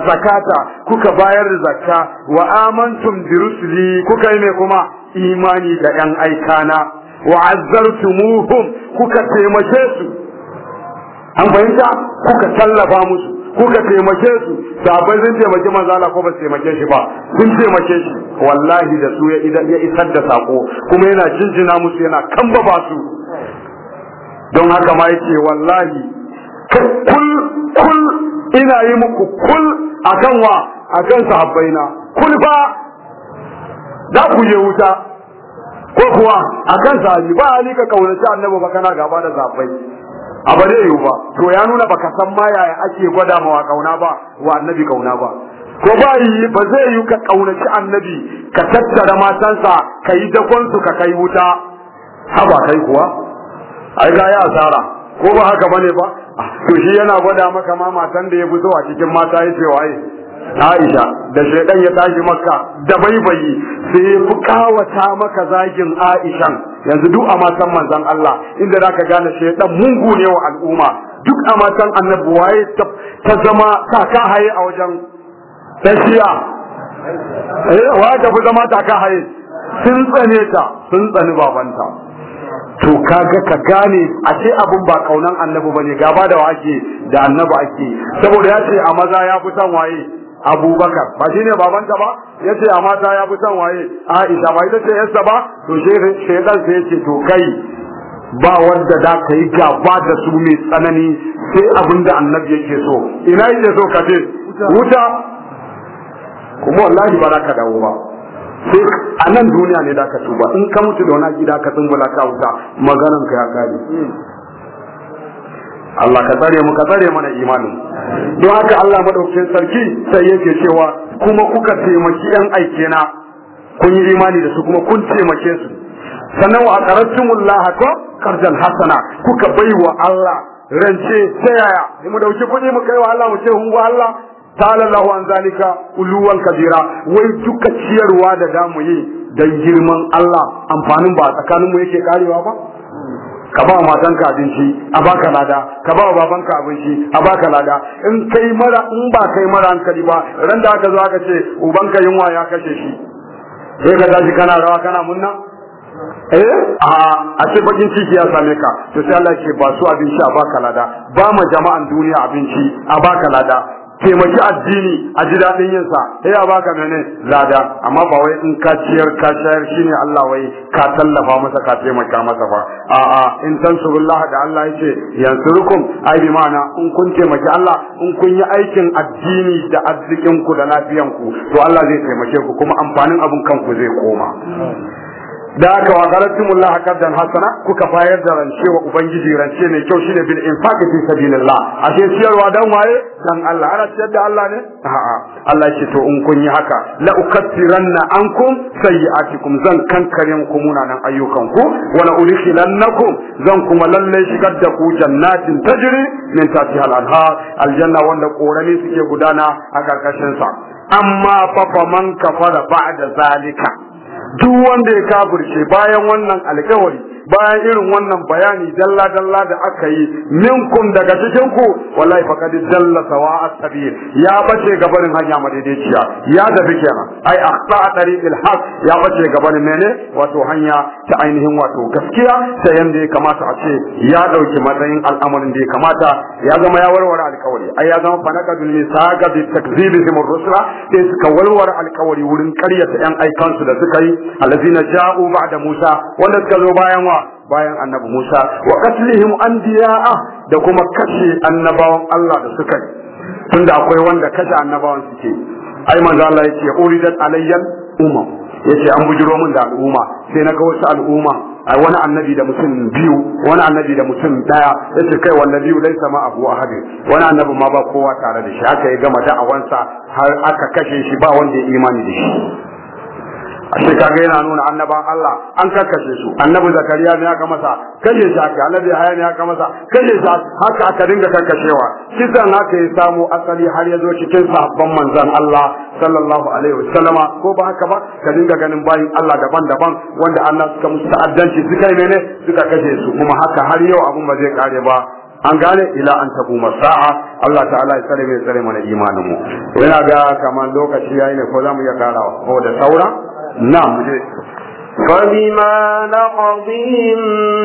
zakata kuka bayar da zakka wa amantum bi rusuli kuka yi mai kuma imani da yan aikana wa azzartumuhum kuka taimake su an fahimta kuka tallafa musu kuka taimake su sabai zan taimaki manzo Allah ko ba taimake shi ba sun taimake shi wallahi da su ya isar da sako kuma yana jinjina musu yana kamba ba su don haka ma yake wallahi kul kul ina yi muku kul akan wa akan sahabbaina kul fa za ku je wuta ko kuwa akan sahabi ba ali ka kaunaci annabi ba kana gaba da sahabbai a ba zai ba to ya nuna baka san ma yaya ake gwada ma kauna ba wa annabi kauna ba ko ba yi ba zai yi ka kaunaci annabi ka tattara matansa ka yi dakon su ka kai wuta haba kai kuwa ai ga ya asara ko ba haka bane ba to shi yana gwada maka ma matan da ya fito a cikin mata ya ce waye Aisha da shaidan ya tashi maka da baibayi sai ya maka zagin Aishan yanzu duk a matan manzon Allah inda zaka gane shaidan mungu ne wa al'umma duk a matan annabi waye ta zama ka haye a wajen tashiya eh wa ta fi zama ka haye sun tsane ta sun tsani babanta to kaga ka gane a ce abun ba kaunan annabi ba ne gaba da ake da annabi ake saboda ya ce a maza ya fi san waye abubakar ba shi ne babanta ba ya ce a mata ya fi san waye aisha ba ita ce yasta ba to shaidan sai ya ce to kai ba wanda da ka yi gaba da su mai tsanani sai abin da annabi yake so ina yake so ka ce wuta kuma wallahi ba za ka dawo ba sai a nan duniya ne da ka tuba in ka mutu da wani gida ka tumbula ka wuta maganan ka ya kare Allah ka tsare mu ka tsare mana imanin don haka Allah madaukakin sarki sai yake cewa kuma kuka taimaki yan aike na kun yi imani da su kuma kun taimake su sannan wa aqarrtumullaha ko qardan hasana kuka baiwa Allah rance ta yaya mu dauki kuɗi mu kai wa Allah mu ce hungu Allah ta'ala Allahu an zalika uluwan kabira wai duka ciyarwa da mu yi dan girman Allah amfanin ba tsakaninmu yake karewa ba ka ba matanka abinci a baka lada ka ba babanka abinci a baka lada in kai mara in ba kai mara hankali ba ran da aka zo aka ce ubanka yunwa ya kashe shi sai ka tashi kana rawa kana munna eh a a ce bakin ciki ya same ka to sai Allah ce ba su abinci a baka lada ba ma jama'an duniya abinci a baka lada taimaki addini a ji daɗin yin sa sai ya baka mene lada amma ba wai in ka ciyar ka shayar shine Allah wai ka tallafa masa ka taimaka masa ba a'a in tansurullah da Allah yace yansurukum ai bi ma'ana in kun taimaki Allah in kun yi aikin addini da arzikin ku da lafiyan ku to Allah zai taimake ku kuma amfanin abun kanku zai koma da aka wa mullah qaddan hasana kuka fayar da rance wa ubangiji rance mai kyau shine bil infaqi fi sabilillah ashe wa dan waye dan Allah ana ciyar da Allah ne a'a Allah ce to in kun yi haka la ukaffiranna ankum sayi'atikum zan kankare ku munanan ayyukanku wa la ulikhilannakum zan kuma lalle shigar da ku jannatin tajri min tahtiha al-anhar aljanna wanda korani suke gudana a karkashin sa amma fa man kafara ba'da zalika duk wanda ya kafirce bayan wannan alkawari bayan irin wannan bayani dalla dalla da aka yi minkum daga cikin ku wallahi faqad dalla sawa'a sabil ya bace gabanin hanya madaidaiciya ya tafi kenan ai akhta tariqil haq ya bace gabanin mene wato hanya ta ainihin wato gaskiya ta yanda ya kamata a ce ya dauki matsayin al'amarin da ya kamata ya zama ya warware alƙawari ai ya zama fanaqadul misaqa bi takzibihim ar-rusula sai suka warware alƙawari wurin ƙaryata yan aikansu da suka yi allazina ja'u ba'da Musa wanda suka zo bayan wa bayan annabi Musa wa qatlihim anbiya'a da kuma kashe annabawan Allah da suka yi tunda akwai wanda kashe annabawan suke ai manzo Allah yace uridat alayyan umam yace an bujiro min da al'umma sai na ga wasu al'umma ai wani annabi da mutum biyu wani annabi da mutum daya yace kai biyu laisa ma abu ahad wani annabi ma ba kowa tare da shi haka ya gama da'awansa har aka kashe shi ba wanda ya imani da shi ashe ga yana nuna annaban Allah an kakkashe su annabi zakariya ne aka masa kaje sa ka annabi haya ne aka masa kaje sa haka aka dinga kakkashewa kisan haka ya samu asali har ya zo cikin sahabban manzon Allah sallallahu alaihi wasallam ko ba haka ba ka dinga ganin bayin Allah daban-daban wanda Allah suka musu ta'addanci suka yi mene suka kashe su kuma haka har yau abun ba zai kare ba an gane ila an tabu masa'a Allah ta'ala ya tsare mai tsare mana imanin mu ina ga kamar lokaci yayi ne ko zamu iya karawa ko da saura نعم فبما نقضهم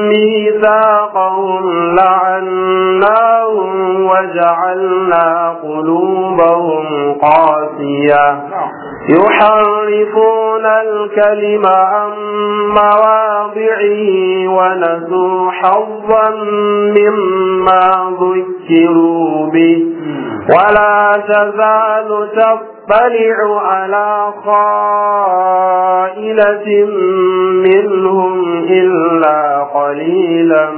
ميثاقهم لعناهم وجعلنا قلوبهم قاسية يحرفون الكلم عن مواضعه ونسوا حظا مما ذكروا به ولا تزال تفكر يطلع على خائلة منهم إلا قليلا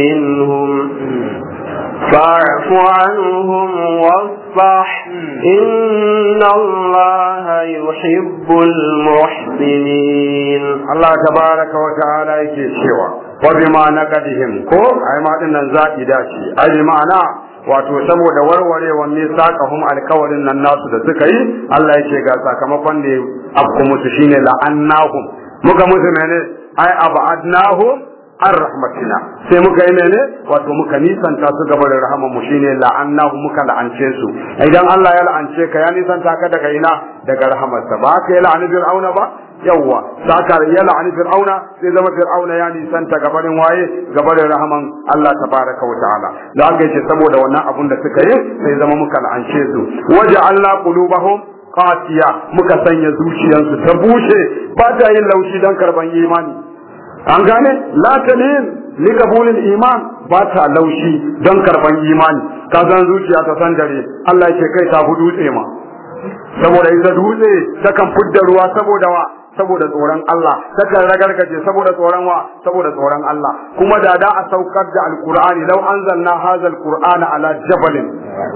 منهم فاعف عنهم واصفح إن الله يحب المحسنين الله تبارك وتعالى يكي سوى وبما نقدهم كو أي ما دنا ذاتي داتي أي معنى wato saboda warwarewa ne hum alkawarin nan nasu da suka yi Allah ya ga sakamakon da abu musu shine la'annahum muka musu mene ai abadnahum an rahmatina sai muka yi mene wato muka nisanta su gaba da rahama mu shine la'annahu muka la'ance su idan Allah ya la'ance ka ya nisanta ka daga ina daga rahamarsa ba ka yi la'ani fir'auna ba yawwa da aka yala an fir'auna sai zama fir'auna ya nisanta gabanin waye gabanin rahaman Allah tabaraka wa ta'ala da aka ce saboda wannan abun da suka yi sai zama muka la'ance su waje waja'alna qulubahum qatiya muka sanya zuciyansu. ta bushe ba ta yin laushi dan karban imani an gane la li likabulin iman ba ta laushi don karban imani ka san zuciya ta san dare Allah ya ce kai ta fi dutse ma saboda ita dutse ta kan fudda ruwa saboda wa saboda tsoron Allah takan ragargaje saboda tsoron wa saboda tsoron Allah kuma da da a saukar da alqur'ani law anzalna hadha alqur'ana ala jabalin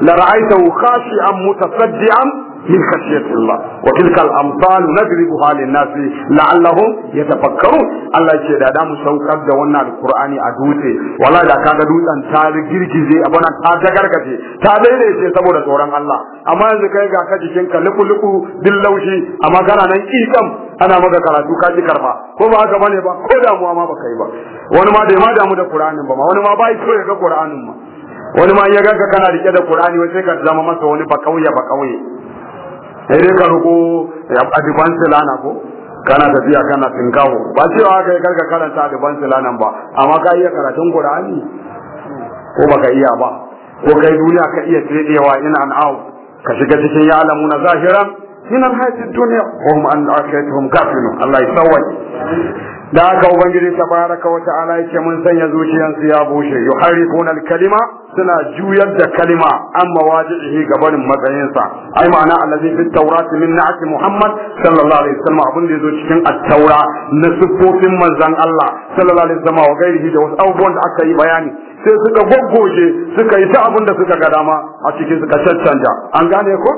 la ra'aytahu khashi'an mutasaddian min khashiyatillah wa tilka al-amsal nadribuha lin-nas la'allahum yatafakkarun Allah ce da mu saukar da wannan alqur'ani a dutse wala da kaga dutsen ta girgize abana ta dagargaje ta daidaice saboda tsoron Allah amma yanzu kai ga ka jikin ka luku luku din laushi amma kana nan ikam ana maka karatu ka ji karba ko ba haka bane ba ko damuwa ma baka yi ba wani ma da damu da Qur'anin ba ma wani ma bai so ya ga Qur'anin ma wani ma ya ganka kana rike da Qur'ani wai sai ka zama masa wani ba kauye ba kauye sai dai ka ruko adiban lana ko kana tafiya kana tinkawo ba cewa haka ya karka karanta adiban lana ba amma ka iya karatun qur'ani ko baka iya ba ko kai duniya ka iya tredewa in an out ka shiga cikin ya na zahiran min al-hayati Ko hum an akaitum kafinu Allah ya sawai da aka ubangiji ta wa ta'ala yake mun sanya zuciyansu ya bushe yuharifuna al-kalima suna juyar da kalima an mawajihi gabanin matsayinsa ai ma'ana allazi fi tawrat min na'at muhammad sallallahu alaihi wasallam abun da yazo cikin at-taura na sifofin manzon Allah sallallahu alaihi wasallam wa gairihi da wasu abubuwan da aka yi bayani sai suka goggoje suka yi ta abun da suka ga dama a cikin suka cancanta an gane ko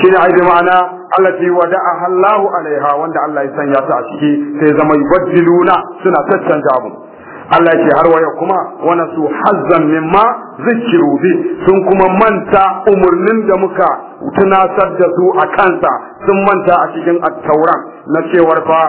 shi ne bi ma'ana allati a Allahu alaiha wanda Allah ya sanya ta a ciki sai zama yubaddiluna suna tattanta abu Allah ya ce har waya kuma wana su hazzan mimma zikiru bi sun kuma manta umarnin da muka tunasar da su a kansa sun manta a cikin at na cewar fa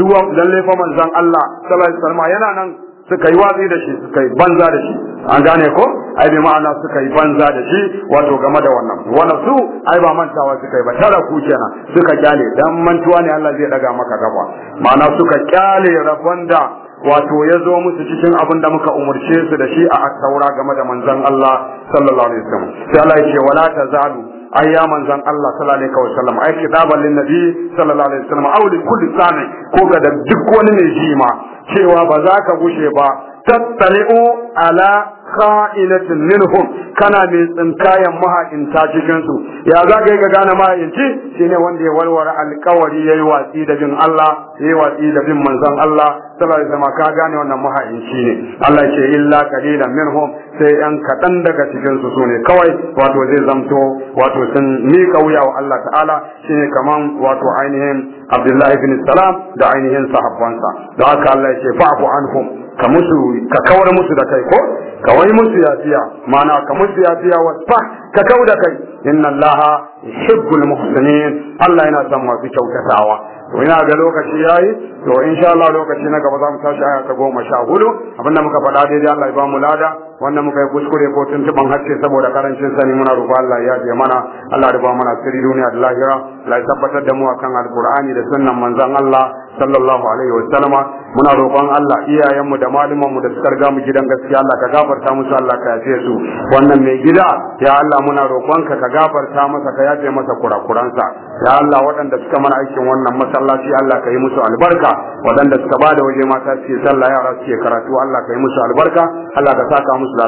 zuwa lalle fa manzon Allah sallallahu alaihi wasallam yana nan suka yi watsi da shi suka yi banza da shi an gane ko ai bi ma'ana suka yi banza da shi wato game da wannan wala su ai ba mantawa suka yi ba tara ku kenan suka kyale dan mantuwa ne Allah zai daga maka gaba ma'ana suka kyale rabon da wato ya zo musu cikin abin da muka umarce su da shi a attaura game da manzon Allah sallallahu alaihi wasallam sai Allah ya ce wala tazalu ai ya manzon Allah sallallahu alaihi wasallam ai kitaban lin nabi sallallahu alaihi wasallam aw li kulli sami ko ga duk wani ne jima cewa ba za ka gushe ba tattali'u ala kha'ilatin minhum kana mai tsinkayan maha'inta cikin su ya za ka yi ga gane maha'inci shine wanda ya warware alkawari yayi watsi da bin Allah yi watsi da bin manzon Allah sallallahu alaihi wasallam ka gane wannan maha'inci ne Allah ce illa qalilan minhum sai yan kaɗan daga cikin su sune kawai wato zai zamto wato sun mika wuya wa Allah ta'ala shine kaman wato ainihin Abdullahi bin Salam da ainihin sahabbansa da haka Allah ya ce fa'fu anhum ka musu ka kawar musu da kai ko ka wai musu yafiya mana ka musu yafiya wa fa ka kau da kai inna allaha yuhibbul muhsinin Allah yana son masu kyautatawa to ina ga lokaci yayi to insha Allah lokaci na gaba za mu tashi aya ta goma sha hudu abinda muka faɗa daidai Allah ya ba mu lada wannan muka yi kuskure ko tuntuɓan hacce saboda karancin sani muna roƙo Allah ya je mana Allah ya ba mana sirri duniya da lahira Allah tabbatar da mu akan alqur'ani da sunnan manzon Allah sallallahu alaihi wa sallama muna roƙon Allah iyayenmu da malumanmu da suka riga mu gidan gaskiya Allah ka gafarta musu Allah ka yafe su wannan mai gida ya Allah muna roƙon ka ka gafarta masa ka yafe masa kurakuransa ya Allah waɗanda suka mana aikin wannan masallaci Allah ka yi musu albarka waɗanda suka bada waje mata ke sallah yara suke karatu Allah ka yi musu albarka Allah ka saka musu da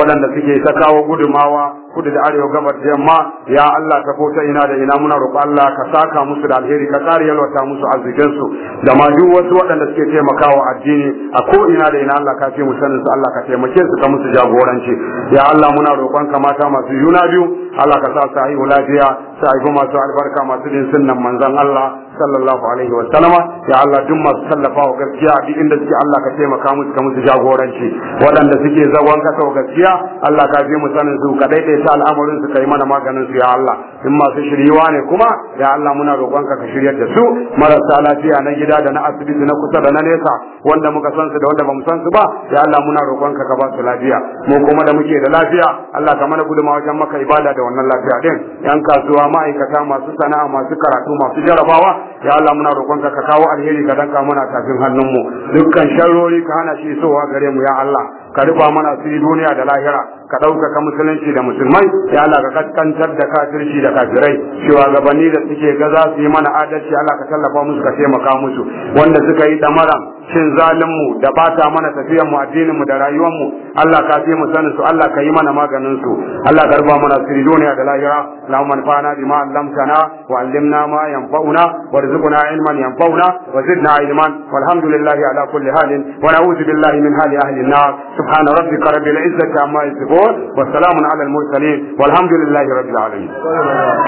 waɗanda suke ta kawo gudumawa kudu da arewa gabar da yamma ya Allah ta ko ina da ina muna roƙo Allah ka saka musu da alheri ka tsari yalwata musu arzikin su da ma duk wasu waɗanda suke taimakawa addini a ko ina da ina Allah ka fi mu sanin su Allah ka taimake su ka musu jagoranci ya Allah muna roƙon ka mata masu yuna biyu Allah ka sa su haihu lafiya su masu albarka masu din sunnan manzon Allah sallallahu alaihi wa ya Allah duk masu tallafa wa gaskiya duk inda suke Allah ka taimaka musu ka musu jagoranci waɗanda suke zagon kasa wa gaskiya Allah ka je mu sanin su ka daidaita al'amarin su kai mana maganin su ya Allah in masu shiryuwa ne kuma ya Allah muna roƙonka ka shiryar da su marasa lafiya na gida da na asibiti na kusa da na nesa wanda muka san su da wanda bamu san su ba ya Allah muna roƙonka ka ba su lafiya mu kuma da muke da lafiya Allah ka mana gudunmawa wajen maka ibada da wannan lafiya din yan kasuwa ma'aikata masu sana'a masu karatu masu jarabawa ya Allah muna roƙonka ka kawo alheri ka danka mana tafin hannunmu dukkan sharrori ka hana shi sowa gare mu ya Allah ka rufa mana su duniya da lahira ka ɗaukaka musulunci da musulmai ya Allah ka kaskantar da kafirci da kafirai cewa gabanni da suke ga su yi mana adalci Allah ka tallafa musu ka taimaka musu wanda suka yi damaran cin zalinmu da bata mana tafiyar mu addinin mu da rayuwar mu Allah ka fi mu sani su Allah ka yi mana maganin su Allah ka ruba mana sirri duniya da lahira Allahumma anfa'na bima 'allamtana wa 'allimna ma yanfa'una warzuqna 'ilman yanfa'una wa zidna 'ilman walhamdulillahi ala kulli halin wa na'udzu billahi min hali ahli an-nar subhana rabbika rabbil izzati amma yasifun والسلام على المرسلين والحمد لله رب العالمين